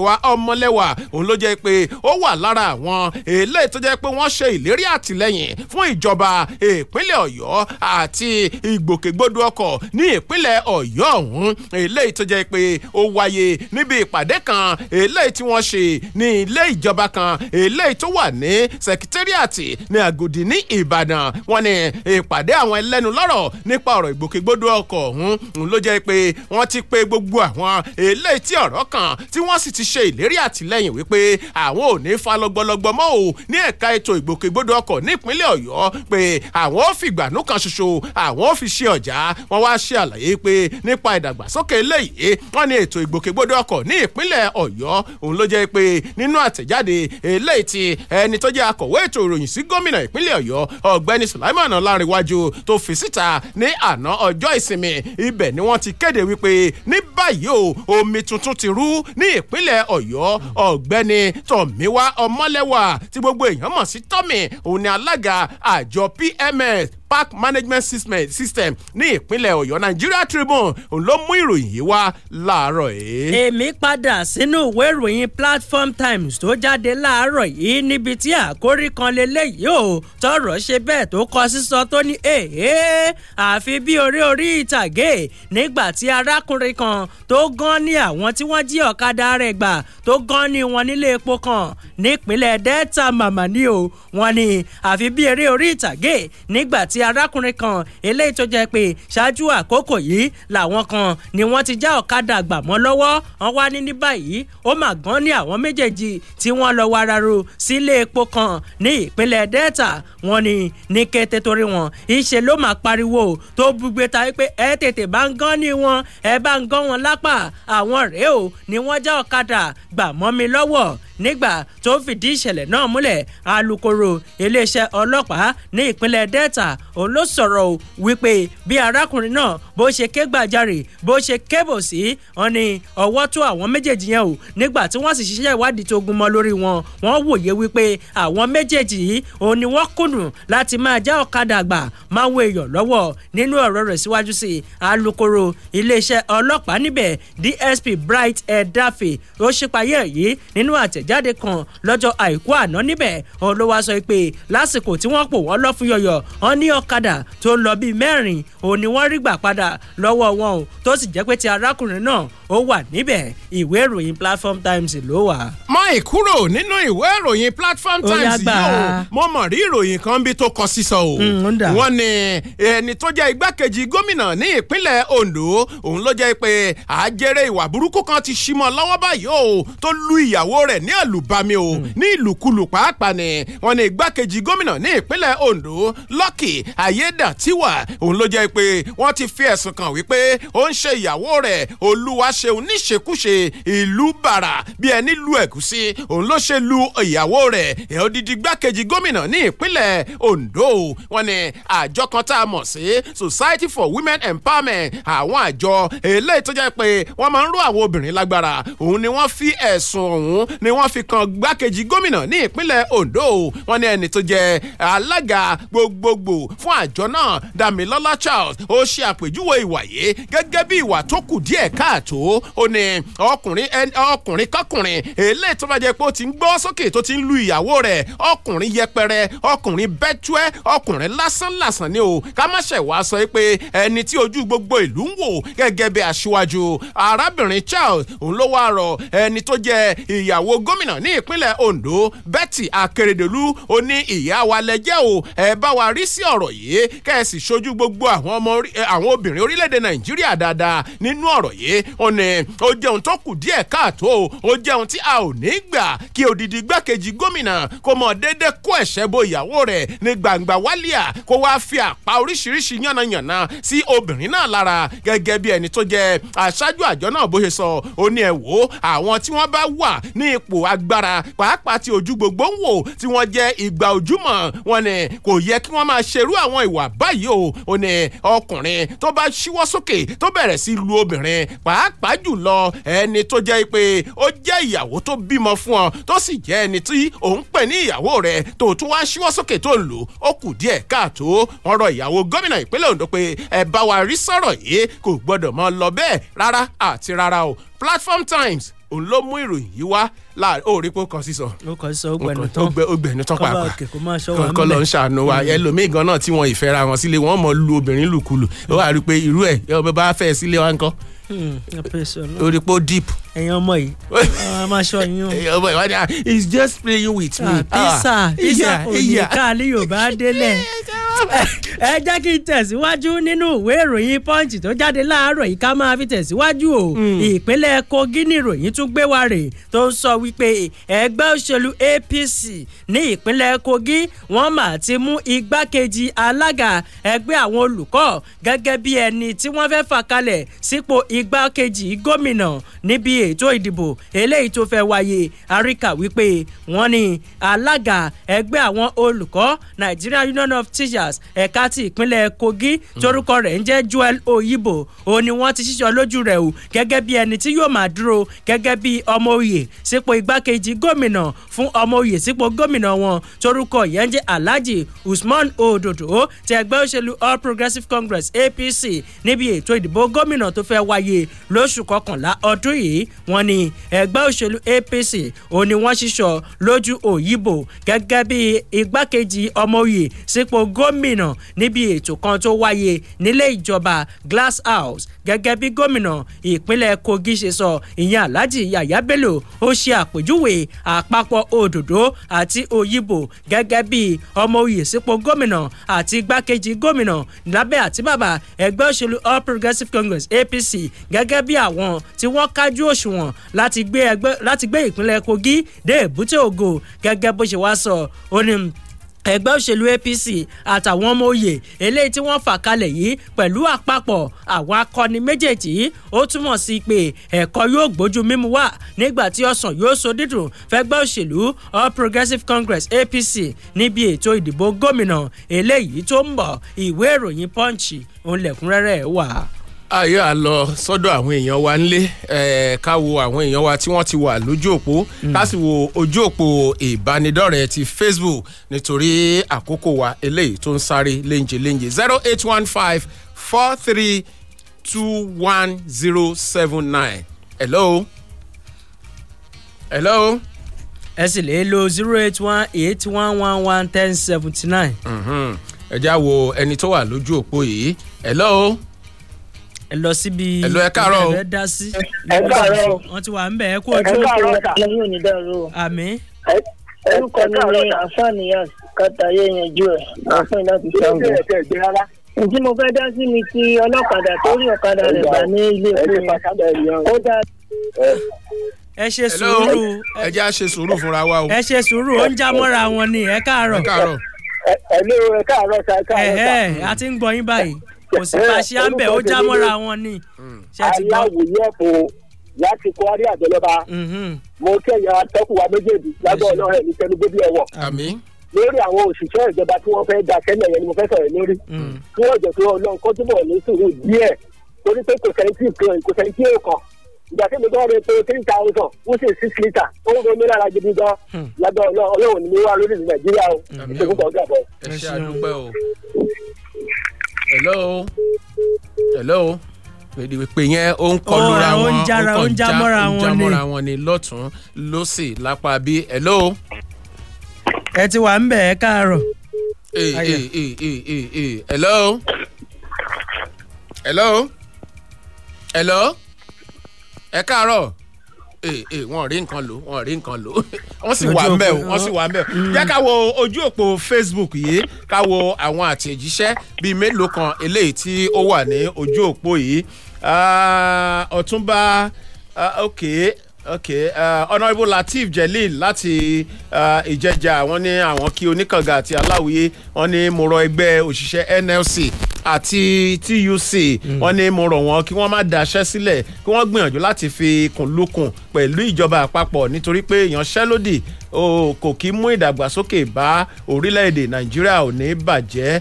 Ọ̀làníwá Ọmọlẹ́wà òun ló jẹ́ pé ó wà lára àwọn eléyìí tó jẹ́ pé wọ́n ṣe ìlérí àtìlẹ́yìn fún ìjọba ìpínlẹ̀ Ọ̀yọ́ àti ìgbòkègbodò ọkọ̀ ní ìpínlẹ̀ Ọ̀yọ́ ọ̀hún eléyìí tó jẹ́ pé ó wáyé níbi ìpàdé kan eléyìí tí wọ́n ṣe ní ilé ìjọba kan eléyìí tó wà ní sẹkítẹ́rìàtì ní Àgòdì ní Ìbàdàn wọ́n ní ìpàdé àwọn ẹlẹ́nulọ́rọ̀ nípa ọ̀rọ̀ ìgbòkègbodò ọkọ̀ ọ̀hún ló jẹ́ pé wọ́n ti pe gbogbo àwọn eléyìí tí ọ̀rọ̀ kan tí wọ́n sì ti ṣe ìlérí àtìlẹ́yìn wípé àwọn ò ní fa lọ́gbọ́lọ́gbọ́ mọ́ o ní ẹ̀ka ètò ìgbòkègbodò ọkọ̀ nípínlẹ̀ ọ̀yọ́ pé àwọn ò fìgbànú kan ṣoṣo àwọn ò fi ṣe ọ̀já wọn wá ṣe àlàyé pé nípa ìdàgbàsókè eléyìí wọn ní ètò ìgbòkègbodò ọkọ̀ ní ìpínlẹ̀ ọ̀yọ́ òun ló jẹ́ pé nínú àtẹ̀jáde eléyìí ti ẹni tó jẹ́ akọ̀wé ètò ìròyìn sí gómìnà ìpínlẹ̀ ọ̀yọ́ ọ̀gbẹ́ni sulaimon ọlárẹ̀wájú tó fi síta ní àná ọjọ́ ìsinmi ibẹ̀ ni wọ́n ti kéde wípé ní báyìí o omi tuntun ti rú ní ìpínlẹ̀ ọ̀yọ́ ọ̀gbẹ́ni tọ̀míwá ọmọlẹ́wà tí gbogbo èèyàn mọ̀ sí tọ́mì òun ni alága àjọ pms park management system ní ìpínlẹ̀ ọ̀yọ́ nigeria tribune òun ló mú ìròyìn yìí wá láàárọ̀ yìí. èmi padà sínú ìwé ìròyìn platform times tó jáde láàárọ̀ yìí níbi tí àkórí kan lélẹ́yìí ò tọrọ ṣe bẹ́ẹ̀ tó kọ sísọ tó ní èèyàn àfi bí orí orí ìtàgé nígbà tí arákùnrin kan tó gán ní àwọn tí wọ́n jí ọ̀kadà rẹ̀ gbà tó gán ní wọn nílé epo kan nípínlẹ̀ delta màmá ni o wọn ni àfi bí eré orí ìtàgé nígbà tí arákùnrin kan eléyìí tó jẹ́ pé ṣáájú àkókò yìí làwọn kan ni wọ́n ti já ọ̀kadà àgbà mọ́ lọ́wọ́ wọ́n wá ní ní báyìí ó mà gan ní àwọn méjèèjì tí wọ́n lọ wara ru sílé epo kan ní ìpínlẹ̀ delta wọ́n ní ní kété torí wọn ìṣe ló máa pariwo tó bugbe ta wípé ẹ tètè bá ń gán ní wọn ẹ bá ń gán wọn lápá àwọn rèé o ni wọ́n já ọ̀kadà gbà mọ́ mi lọ́wọ́ nígbà tó fìdí ìṣẹ̀lẹ̀ náà múlẹ̀ alukoro iléeṣẹ́ ọlọ́pàá ní ìpínlẹ̀ delta òun ló sọ̀rọ̀ o wípé bí arákùnrin náà bó ṣe ké gbàjarè bó ṣe kébò sí wọn ni ọwọ́ tó àwọn méjèèjì yẹn o nígbà tí wọ́n sì ṣiṣẹ́ ìwádìí tó gúnmọ́ lórí wọn wọ́n wòye wípé àwọn méjèèjì yìí òun ni wọ́n kùnù láti máa já ọ̀kadà àgbà máa wo èèyàn lọ́wọ́ nínú ọ̀rọ̀ rẹ̀ síwájú sí alukoro iléeṣẹ́ ọlọ́pàá níbẹ̀ DSP Bright Edafe ó ṣípayé yìí nínú àtẹ̀j àtẹ̀jáde kan lọ́jọ́ àìkú àná níbẹ̀ òun ló wá lásìkò tí wọ́n pò wọ́n lọ́fun yọ̀yọ̀ wọ́n ní ọ̀kadà tó lọ bíi mẹ́rin òun ni wọ́n rí gbà padà lọ́wọ́ wọn o tó sì jẹ́ pé ti arákùnrin náà ó wà níbẹ̀ ìwé ìròyìn platform times ló wà. má ì kúrò nínú ìwé ìròyìn platform times yìí o mo mọ̀ rí ìròyìn kan bí tó kọ sísọ o mm, wọ́n ní ẹni tó jẹ́ igbákejì gómìnà ní ìpínlẹ̀ Ondo òun ló jẹ́ pé àjẹrẹ ìwà burúkú kan ti símọ́ lọ́wọ́ báyìí o tó lu ìyàwó rẹ̀ ní àlùbami o hmm. ní ìlùkulù pàápàá ni wọn ní igbákejì gómìnà ní ìpínlẹ̀ ondo lucky ayédàtiwa òun ló jẹ́ pé wọ́n ti fi ẹ̀sùn kan wípé ó ń ṣe ìyàwó rẹ̀ olúwaṣeun níṣekúṣe ìlú bàrà bí ẹni lu ẹ̀gúsí òun ló ṣe lu ìyàwó rẹ̀ ẹ̀ odidi igbákejì gómìnà ní ìpínlẹ̀ ondo wọn ní àjọ kan tá a mọ̀ sí society for women empowerment àwọn àjọ eléyìí tó jẹ́ pé wọ́n máa ń rú àwọn obìnrin lágbára òun ni wọ́n fi ẹ̀sùn ọ̀hún ni wọ́n fi kan gbákejì gómìnà ní ìpínlẹ̀ Ondo wọn ní ẹni tó jẹ alága gbogbogbò fún àjọ náà Damilọla Charles ó ṣe àpèjúwe ìwà yìí gẹ́gẹ́ bí ìwà tó kù díẹ̀ káàtó ó ní ọkùnrin ọkùnrin kọkùnrin eléyìí tó bá jẹ pé ó ti ń gbọ́ sókè tó ti ń lu ìyàwó rẹ̀ ọkùnrin yẹpẹrẹ ọkùnrin bẹ́túẹ́ ọkùnrin lásánlàsán ni o ká má ṣẹ̀ wá sọ pé ẹni tí ojú gbogbo ìlú ń wò gẹ́gẹ́ bí aṣíwájú arábìnrin Charles òun ló wá rọ ẹni tó jẹ ìyàwó g gómìnà ní ìpínlẹ̀ Ondo Betty Akeredolu ó ní ìyá wa lẹ́jẹ́ o ẹ bá wa rí sí ọ̀rọ̀ yìí kẹ́ ẹ sì ṣojú gbogbo àwọn ọmọ àwọn obìnrin orílẹ̀-èdè Nàìjíríà dáadáa nínú ọ̀rọ̀ yìí ó ní ó jẹun tó kù díẹ̀ káàtó ó jẹun tí a ò ní gbà kí odidi igbákejì gómìnà kó mọ déédé kó ẹ̀ṣẹ́ bo ìyàwó rẹ̀ ní gbangba wálíà kó wá fi àpá oríṣiríṣi yánnayànna sí obìnrin náà lára gẹ́gẹ́ bí ẹni tó jẹ́ aṣáájú àjọ náà bó ṣe sọ ó ní ẹ wò àwọn tí wọ́n bá wà ní ipò agbára pàápàá ti ojú gbogbo ń wò tí wọ́n jẹ́ ìgbà ojúmọ́ wọn ni kò yẹ kí wọ́n máa ṣerú àwọn ìwà báyìí o ò ní ọkùnrin tó bá ṣíwọ́ sókè tó bẹ̀rẹ̀ sí lu obìnrin pàápàá jùlọ ẹni tó jẹ́ pé ó jẹ́ ìyàwó tó bímọ fún ọ tó sì jẹ́ ẹni tí òun pè ní ìyàwó rẹ̀ tó tún wá ṣíwọ́ sókè tó ń lò ó kù díẹ̀ káàtó wọn ìyàwó gómìnà ìpínlẹ̀ Ondo pé ẹ bá wa rí sọ̀rọ̀ yìí kò gbọ́dọ̀ mọ́ lọ bẹ́ẹ̀ rárá àti rárá o Platform Times òun ló mú ìròyìn yìí wá láàrin ó rí pé ó kọ sísọ. ó kọ sísọ ó gbẹnu tán ó gbẹnu tán pàápàá kọ́ ló ń ṣàánú wa mm. ẹlòmíì gan náà tí wọn ìfẹ́ra wọn sílé wọn mọ̀ lu obìnrin lùkulù ó wà rí pé irú ẹ̀ bá fẹ́ sílé wa ńkọ́ Hmm, orí pé ó deep. ẹ̀yin ọmọ yìí ọmọ aṣọ yín o. ẹ̀yin ọmọ yìí wọ́n ní à ah, he's just playing with me. pisa pisa òye káàlì yorùbá délẹ̀. ẹ jẹ́ kí n tẹ̀síwájú nínú ìwé ìròyìn punch tó jáde láàárọ̀ yìí ká máa fi tẹ̀síwájú o. Hmm. ìpínlẹ̀ kogi ní ìròyìn tún gbé wa rè tó ń sọ wípé ẹgbẹ́ òṣèlú apc ní ìpínlẹ̀ kogi wọ́n mà ti mú igbákejì alága ẹgbẹ́ àwọn olùkọ́ gẹ́gẹ́ bí ẹni tí wọ́n fẹ́ fà kalẹ̀ sípò ig igbákejì gómìnà níbi ètò ìdìbò eléyìí tó fẹ́ wáyé àríkà wípé wọ́n ní alága ẹgbẹ́ àwọn olùkọ́ Nigeria Union of Teachers ẹ̀ka ti ìpínlẹ̀ Kogi hmm. torúkọ rẹ̀ ń jẹ́ Joel Oyibo òun ni wọ́n ti ṣíṣọ lójú rẹ̀ o gẹ́gẹ́ bí ẹni tí yóò máa dúró gẹ́gẹ́ bí ọmọ òye sípò igbákejì gómìnà fún ọmọ òye sípò gómìnà wọn torúkọ yẹn jẹ́ Alhaji Usman Ododo ti ẹgbẹ́ òṣèlú All Progressives Congress APC níbi ètò ìdìbò gómìnà tó fẹ́ wáyé wáyé lóṣù kọkànlá ọdún yìí wọ́n ní ẹgbẹ́ òṣèlú apc òun ni wọ́n ṣíṣọ lójú òyìnbó gẹ́gẹ́ bí igbákejì ọmọoyè sípò gómìnà níbi ètò kan tó wáyé nílé ìjọba glass house gẹ́gẹ́ bí gómìnà ìpínlẹ̀ kogi ṣe sọ ìyẹn alhaji yaya bello ó ṣe àpèjúwe àpapọ̀ òdòdó àti òyìnbó gẹ́gẹ́ bí ọmọoyè sípò gómìnà àti igbákejì gómìnà lábẹ́ àti bàbá ẹgbẹ́ òṣèlú all progressives congress apc gẹ́gẹ́ bí àwọn tí wọ́n kájú òṣùwọ̀n láti gbé ìpínlẹ̀ Kogi dé èbúté ògo gẹ́gẹ́ bó ṣe wá sọ ó ní ẹgbẹ́ òṣèlú APC àtàwọn ọmọ òye eléyìí tí wọ́n fà kalẹ̀ yìí pẹ̀lú àpapọ̀ àwọn akọni méjèèjì ó túmọ̀ sí pé ẹ̀kọ́ yóò gbójú mímu wá nígbà tí ọ̀sán yóò so dídùn fẹ́gbẹ́ òṣèlú All Progressives Congress APC níbi ètò ìdìbò gómìnà eléyìí tó ń bọ̀ ìwé ìròyìn Punch òun lẹ̀kúnrẹ́rẹ́ wà ayé à lọ sọ́dọ̀ àwọn èèyàn wa ńlé ká wo àwọn èèyàn wa tí wọ́n ti wà lójú òpó mm. ká sì wo ojú òpó ìbánidọ́rẹ̀ẹ́ ti Facebook nítorí àkókò wa eléyìí tó ń sáré léńjẹ léńjẹ zero eight one five four three two one zero seven nine hello hello ẹ sì lè lo zero eight one eight one one one ten seventy nine. Mm-hmm. ẹ já wo ẹni tó wà lójú òpó yìí hello. hello? ẹ lọ síbi ẹ káàárọ̀ o ẹ dá sí. ẹ káàárọ̀ o wọ́n ti wà ń bẹ̀ ẹ kó ojú. ẹ káàárọ̀ o lẹ́yìn òní dàrú o. àmín. orúkọ mi ni àfàníyàn kàtàyé yanjú ẹ àfàníyàn láti sango. ǹtí mo fẹ́ dá sí mi ti ọlọ́kadà tó rí ọ̀kadà rẹ̀ gbà ní ilé ìfowópamọ́ ó dá ẹ ṣe sùúrù ẹ jẹ́ àṣe sùúrù fúnra wa o. ẹ ṣe sùúrù ó ń já mọ́ra wọn ni ẹ káàárọ̀. ẹ káàárọ̀ ẹ káàárọ̀ ẹ káàárọ̀. ẹ ẹ a ti ń gbọ́ yín báyìí kò sí pàṣẹ àmbẹ̀ ó já mọ́ra wọn ni. ayáwó yẹ̀bù láti kwari àjọlọ́ba mhm. mo kẹ́yìn atọ́kùn wa méjèèjì lábẹ́ ọlọ́run ẹ̀ ní tẹnugbó bí ẹ̀wọ̀. lórí àwọn òṣìṣẹ́ ìjọba tí wọ́n fẹ́ da sẹ́lẹ̀ yẹn ni mo fẹ́ sọ̀rọ̀ lórí mm. kí wọ́n jẹ́ pé ọlọ́run kọ́ túbọ̀ ní sùúrù díẹ̀ torí pé kò sẹ́ni kan kò sẹ́ni tí ìgbà tí mo gbọ́ rẹ pé three thousand ó sì six litre ó ń ronú lára gidi gan hmm. lábẹ́ ọlọ́run ni mo lórí nàìjíríà o ìṣègùn kan gbà bọ́. ẹ ṣe àdúpẹ́ hello hello pèdèpè yẹn ó ń kọlura wọn ó ń jára ó ń jámọ́ra wọn ni lọ́tún lọ́sì lápá bí hello. ẹ ti wà ń bẹ̀ ẹ́ káàárọ̀. ee hello hello hello ẹ káàárọ̀ ee eh, eh, wọn rí nǹkan lò wọn rí nǹkan lò wọn sì wà mbẹ o wọn sì wà mbẹ o jẹ́ ká wo ojú òpó Facebook yìí ká wo àwọn àtẹ̀jíṣẹ́ bíi mélòó kan eléyìí tí ó wà ní ojú òpó yìí ah, ọ̀túnba ah, ok ok uh, eh, honourable lateef jelil láti eh, ìjẹjà uh, wọn ní àwọn kí oníkànga àti aláwìyé wọn ní mo rọ ẹgbẹ́ òṣìṣẹ́ nlc àti tuc hmm. wọn ní mo rọ wọn kí wọ́n má daṣẹ́ sílẹ̀ kí wọ́n gbìyànjú láti fi kùn lukùn pẹ̀lú ìjọba àpapọ̀ nítorí pé ìyanṣẹ́lódì kò kí mú ìdàgbàsókè bá orílẹ̀-èdè nàìjíríà ò ní bàjẹ́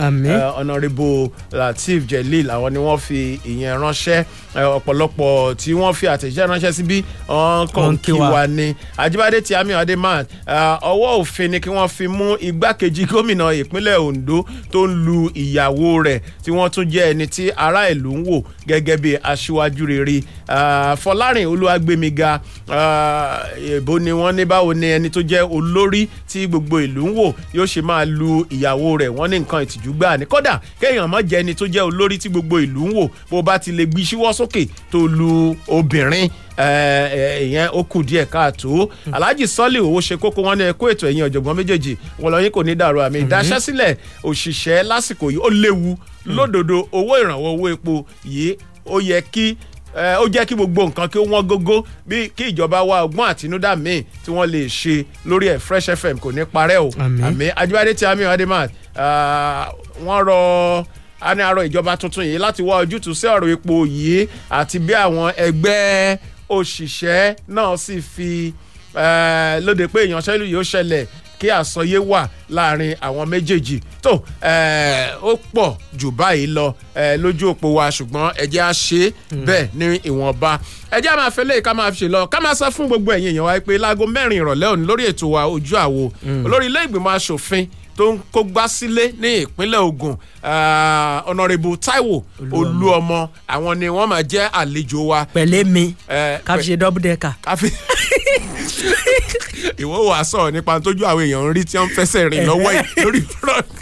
ọ̀nàrìbò eh, lateef jelil àwọn ni wọ́n fi ìyẹn ránṣẹ́ eh, ọ̀pọ̀lọpọ̀ tí wọ́n fi àtẹ̀jíṣẹ́ ránṣẹ́ síbí ọ̀n kàn kí wa ni àjíbádé ti amí adéman eh, ọwọ́ òfin ni kí wọ́n fi mú igbákejì gómìnà ìpínlẹ̀ ondo tó ń lu ìyàwó rẹ̀ tí wọ́n tún jẹ́ ẹni tí ará ìlú ń wò gẹ́gẹ́ bí aṣíwájú rere Ah, fọlárìn olúwàgbémiga ah, èbó ni wọ́n ní báwo ni ẹni tó jẹ́ olórí tí gbogbo ìlú ń wò yóò ṣe máa lu ìyàwó rẹ̀ wọ́n ní nǹkan ìtìjú gbà ní kódà kéèyàn má jẹ́ ẹni tó jẹ́ olórí tí gbogbo ìlú ń wò bó bá ti lè gbi síwọ́ sókè tó lu obìnrin eh, eh, ìyẹn ó kù díẹ̀ káàtó hmm. alhaji sọ́lì owó ṣe kókó wọn ní ẹ̀kú ètò ẹ̀yìn ọ̀jọ̀gbọ́n méjèèjì wọn lọ́yìn kò ní dàrú àmì hmm. ìdáṣẹ́sílẹ̀ òṣìṣẹ́ lásìkò yìí ó léwu hmm. lódodo owó ìrànwọ́ owó epo yìí ó yẹ kí ó jẹ́ kí gbogbo nǹkan kí ó wọ́n gógó bí kí ìjọba wa ọgbọ́n àtinúdá míì tí wọ́n lè ṣe lórí ẹ̀ Fresh FM kò ní parẹ́ o àmín Ajíbádé tí amí adémat wọ́n rọ a ní arọ ìjọba tuntun yìí láti wá ojútùú sí ọ̀rọ̀ epo yìí àti bí àwọn ẹgbẹ́ òṣìṣẹ́ náà sì fi lóde pé ìyanṣẹ́lú yìí ó ṣẹlẹ̀ kí àsọyé wà láàrin àwọn méjèèjì tó ó pọ̀ jù báyìí lọ lójú òpó wa ṣùgbọ́n ẹ̀jẹ̀ á ṣe hmm. bẹ́ẹ̀ ní ìwọ̀nba ẹ̀jẹ̀ á máa fẹ́ lẹ́yìn ká máa ṣe lọ ká máa sọ fún gbogbo ẹ̀yin èèyàn wa pé láago mẹ́rin ìrọ̀lẹ́ òní lórí ètò wa ojú àwo hmm. olórí ilé ìgbìmọ̀ asòfin tó ń kógbá sílé ní ìpínlẹ̀ Ògùn ọ̀nàrẹ́bù ah, Táíwò Olúọmọ àwọn ni wọ́n máa jẹ́ àlejò wa. pẹ̀lẹ́ mi eh, káfí ṣe double decker. káfí ìwọ wàá nípa tójú àwọn èèyàn ń rí tí wọ́n ń fẹsẹ̀ rìn lọ́wọ́ yìí lórí fúlọ́ọ̀kì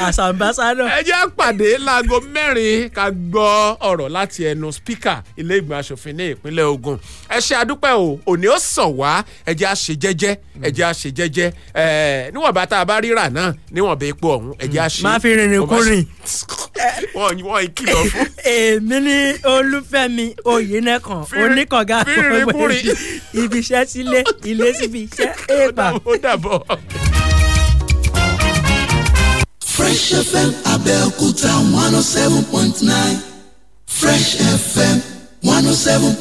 as ambassador. ẹ jẹ́ pàdé láago mẹ́rin ká gbọ́ ọ̀rọ̀ láti ẹnu spíkà ilé ìgbìmọ̀ asòfin ní ìpínlẹ̀ Ògùn ẹ ṣe àdúpẹ́ o òní ó sàn wá ẹ jẹ́ àṣe jẹ́jẹ́ ẹ jẹ́ àṣe jẹ́jẹ́ ẹ níwọ̀nba tá a bá ríra náà níwọ̀nba epo ọ̀hún ẹ jẹ́ àṣe. fi rìnrìn kúrìn. wọ́n wọ́n kìlọ̀ fún. èmi ni Olúfẹ́mi Oyènẹ́kan oníkànga fún ọgbẹ́ ibi iṣẹ́ sílé ilé síbi iṣẹ́ èèpà. ó dàbọ̀ ó fresh fm abẹ́òkúta one oh fresh fm 107.9, oh seven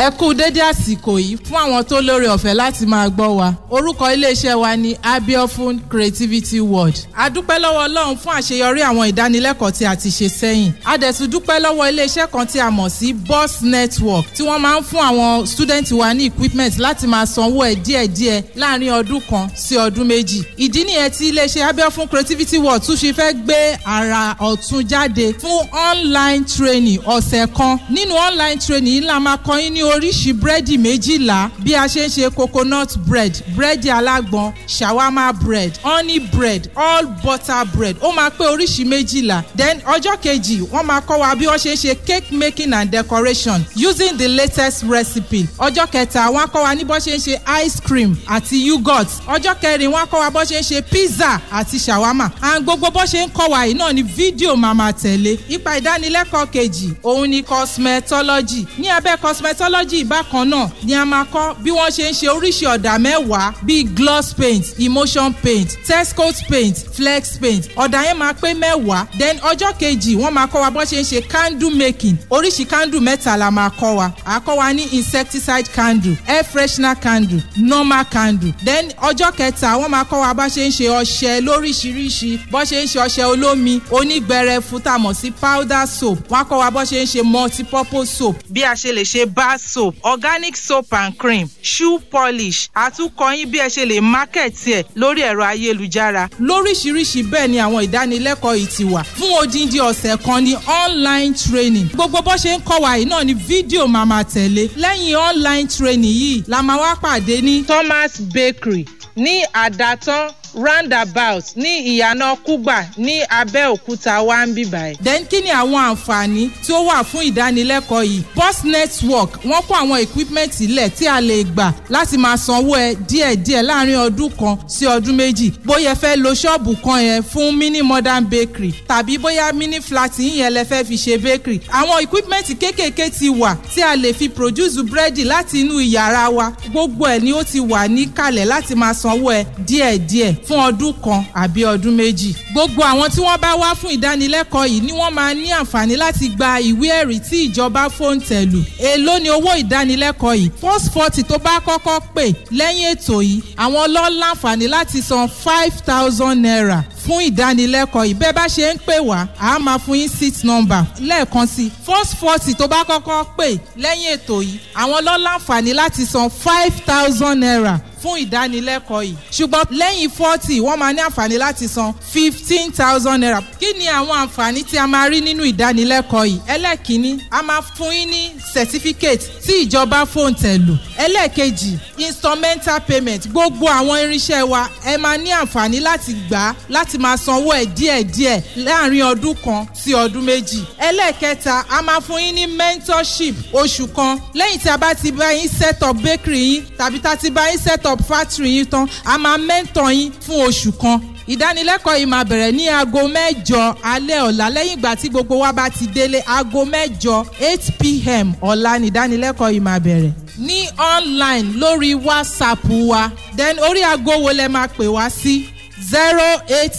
ẹ kú dédé àsìkò yìí fún àwọn tó lóore ọ̀fẹ́ láti máa gbọ́ wa orúkọ iléeṣẹ́ wa ni abiofun creativity world a dúpẹ́ lọ́wọ́ ọlọ́run fún àṣeyọrí àwọn ìdánilẹ́kọ̀ọ́ tí a ti ṣe sẹ́yìn a dẹ̀ tún dúpẹ́ lọ́wọ́ iléeṣẹ́ kan tí a mọ̀ sí boss network tí wọ́n máa ń fún àwọn student wa ní equipment láti máa sanwó ẹ̀ díẹ̀díẹ̀ láàrin ọdún kan sí ọdún méjì ìdí nìyẹn tí iléeṣẹ́ abiofun creativity world tún ṣe fẹ́ gbé àrà ọ̀tun jáde fún online training ọ̀sẹ̀ kan nínú online training yìí la máa kọ́ yín ní oríṣi búrẹ́dì méjìlá bí a ṣe ń ṣe coconut bread búrẹ́dì alágbọn shawama bread honey bread all butter bread ó máa pé oríṣi méjìlá then ọjọ́ kejì wọ́n máa kọ́ wa bí wọ́n ṣe ń ṣe cake making and decoration using the latest recipe ọjọ́ kẹta wọ́n á kọ́ wa ní bó ṣe ń ṣe ice cream àti yogurt ọjọ́ kẹrin wọ́n á kọ́ wa bó ṣe ń ṣe pizza àti shawama and gbogbo bó ṣe ń kọ́ wa yìí náà ni fídíò máa máa tẹ̀lé ipa ìdánilẹ́kọ̀ọ́ kejì òun ni cosmetology ní abẹ́ cosmetology technology bákan náà ni a máa kọ́ bí wọ́n ṣe ń ṣe oríṣi ọ̀dà mẹ́wàá bíi gloss paint emotion paint tescoat paint flex paint ọ̀dà yẹn máa pé mẹ́wàá then ọjọ́ kejì wọ́n máa kọ́ wa bó ṣe ń ṣe candle making oríṣi candle mẹ́ta la máa kọ́ wa a kọ́ wa ní insecticide candle air freshener candle normal candle then ọjọ́ kẹta wọ́n máa kọ́ wa bó ṣe ń ṣe ọṣẹ lóríṣiríṣi bó ṣe ń ṣe ọṣẹ olómi onígbẹrẹfu tá a mọ̀ sí powder soap wọ́n á kọ́ wa bó ṣe ń ṣe multipurpose soap. bí a ṣe lè ṣe bath soap organic soap and cream shoe polish àtúkọ yín bí ẹ ṣe lè market ẹ lórí ẹ̀rọ ayélujára. lóríṣiríṣi bẹ́ẹ̀ ni àwọn ìdánilẹ́kọ̀ọ́ yìí ti wà fún odindi ọ̀sẹ̀ kan ní online training gbogbo bó ṣe ń kọ́ wa yìí náà ni fídíò máa máa tẹ̀lé lẹ́yìn online training yìí la máa wá pàdé ní Thomas Bakery ní àdàtàn roundabout ní ìyànà kúgbà ní abẹ́òkúta wa ń bì báyìí. then kí ni àwọn àǹfààní tí ó wà fún ìdánilẹ́kọ̀ọ́ yìí bus network wọ́n kó àwọn equipment ilẹ̀ tí a lè gbà láti máa sanwó ẹ díẹ̀díẹ̀ láàrin ọdún kan sí ọdún méjì bóyá fẹ́ lo ṣọ́ọ̀bù kan yẹn fún mini modern bakery tàbí bóyá mini flat yìnyẹn lẹ fẹ́ fi ṣe bakery àwọn equipment kéékèèké ti wà tí a lè fi produce búrẹ́dì láti inú ìyàrá wa gbogbo ẹ̀ ni ó ti wà níkàlẹ̀ láti máa sanwó ẹ díẹ̀díẹ̀ fún ọdún kan àbí ọdún méjì. gbogbo àwọn tí wọ́n bá wá fún ìdánilẹ́kọ̀ọ́ yìí ni wọ́n máa ní àǹfààní láti gba ìwé ẹ̀rí tí ìjọba fóńtẹ̀lù. èló ni owó ìdánilẹ́kọ̀ọ́ yìí first forty tó bá kọ́kọ́ pè lẹ́yìn ètò yìí àwọn ló láǹfààní láti san five thousand naira fún ìdánilẹ́kọ̀ọ́ yìí bẹ́ẹ̀ bá ṣe ń pè wá a máa fún yín seat number lẹ́ẹ̀kan sí i first forty tó bá kọ́kọ́ pè lẹ́yìn ètò yìí àwọn ló láǹfààní láti san five thousand naira fún ìdánilẹ́kọ̀ọ́ yìí ṣùgbọ́n lẹ́yìn forty wọ́n máa ní àǹfààní láti san fifteen thousand naira kí ni àwọn àǹfààní tí a máa rí nínú ìdánilẹ́kọ̀ọ́ yìí ẹlẹ́kìnní a máa fún yín ní certificate tí ìjọba fóun tẹ̀lù ẹlẹ́ẹ̀kejì instrumental payment gbogbo àwọn irinṣẹ́ wa ẹ máa ní àǹfààní láti gbà láti láti máa sanwó ẹ̀ díẹ̀díẹ̀ láàrin ọdún kan sí ọdún méjì. ẹlẹ́ẹ̀kẹta a máa fún yín ní mentorship oṣù kan lẹ́yìn tí a bá ti bá yín set up bakery yín tàbí tá a ti bá yín set up factory yín tán a máa mentor yín fún oṣù kan ìdánilẹ́kọ̀ọ́ yìí máa bẹ̀rẹ̀ ní aago mẹ́jọ alẹ́ ọ̀la lẹ́yìn ìgbà tí gbogbo wa bá ti délé aago mẹ́jọ eight pm ọ̀la ní ìdánilẹ́kọ̀ọ́ yìí máa bẹ̀rẹ̀ ní online lórí whatsapp wa then orí aago wo lẹ máa pè wá sí zero eight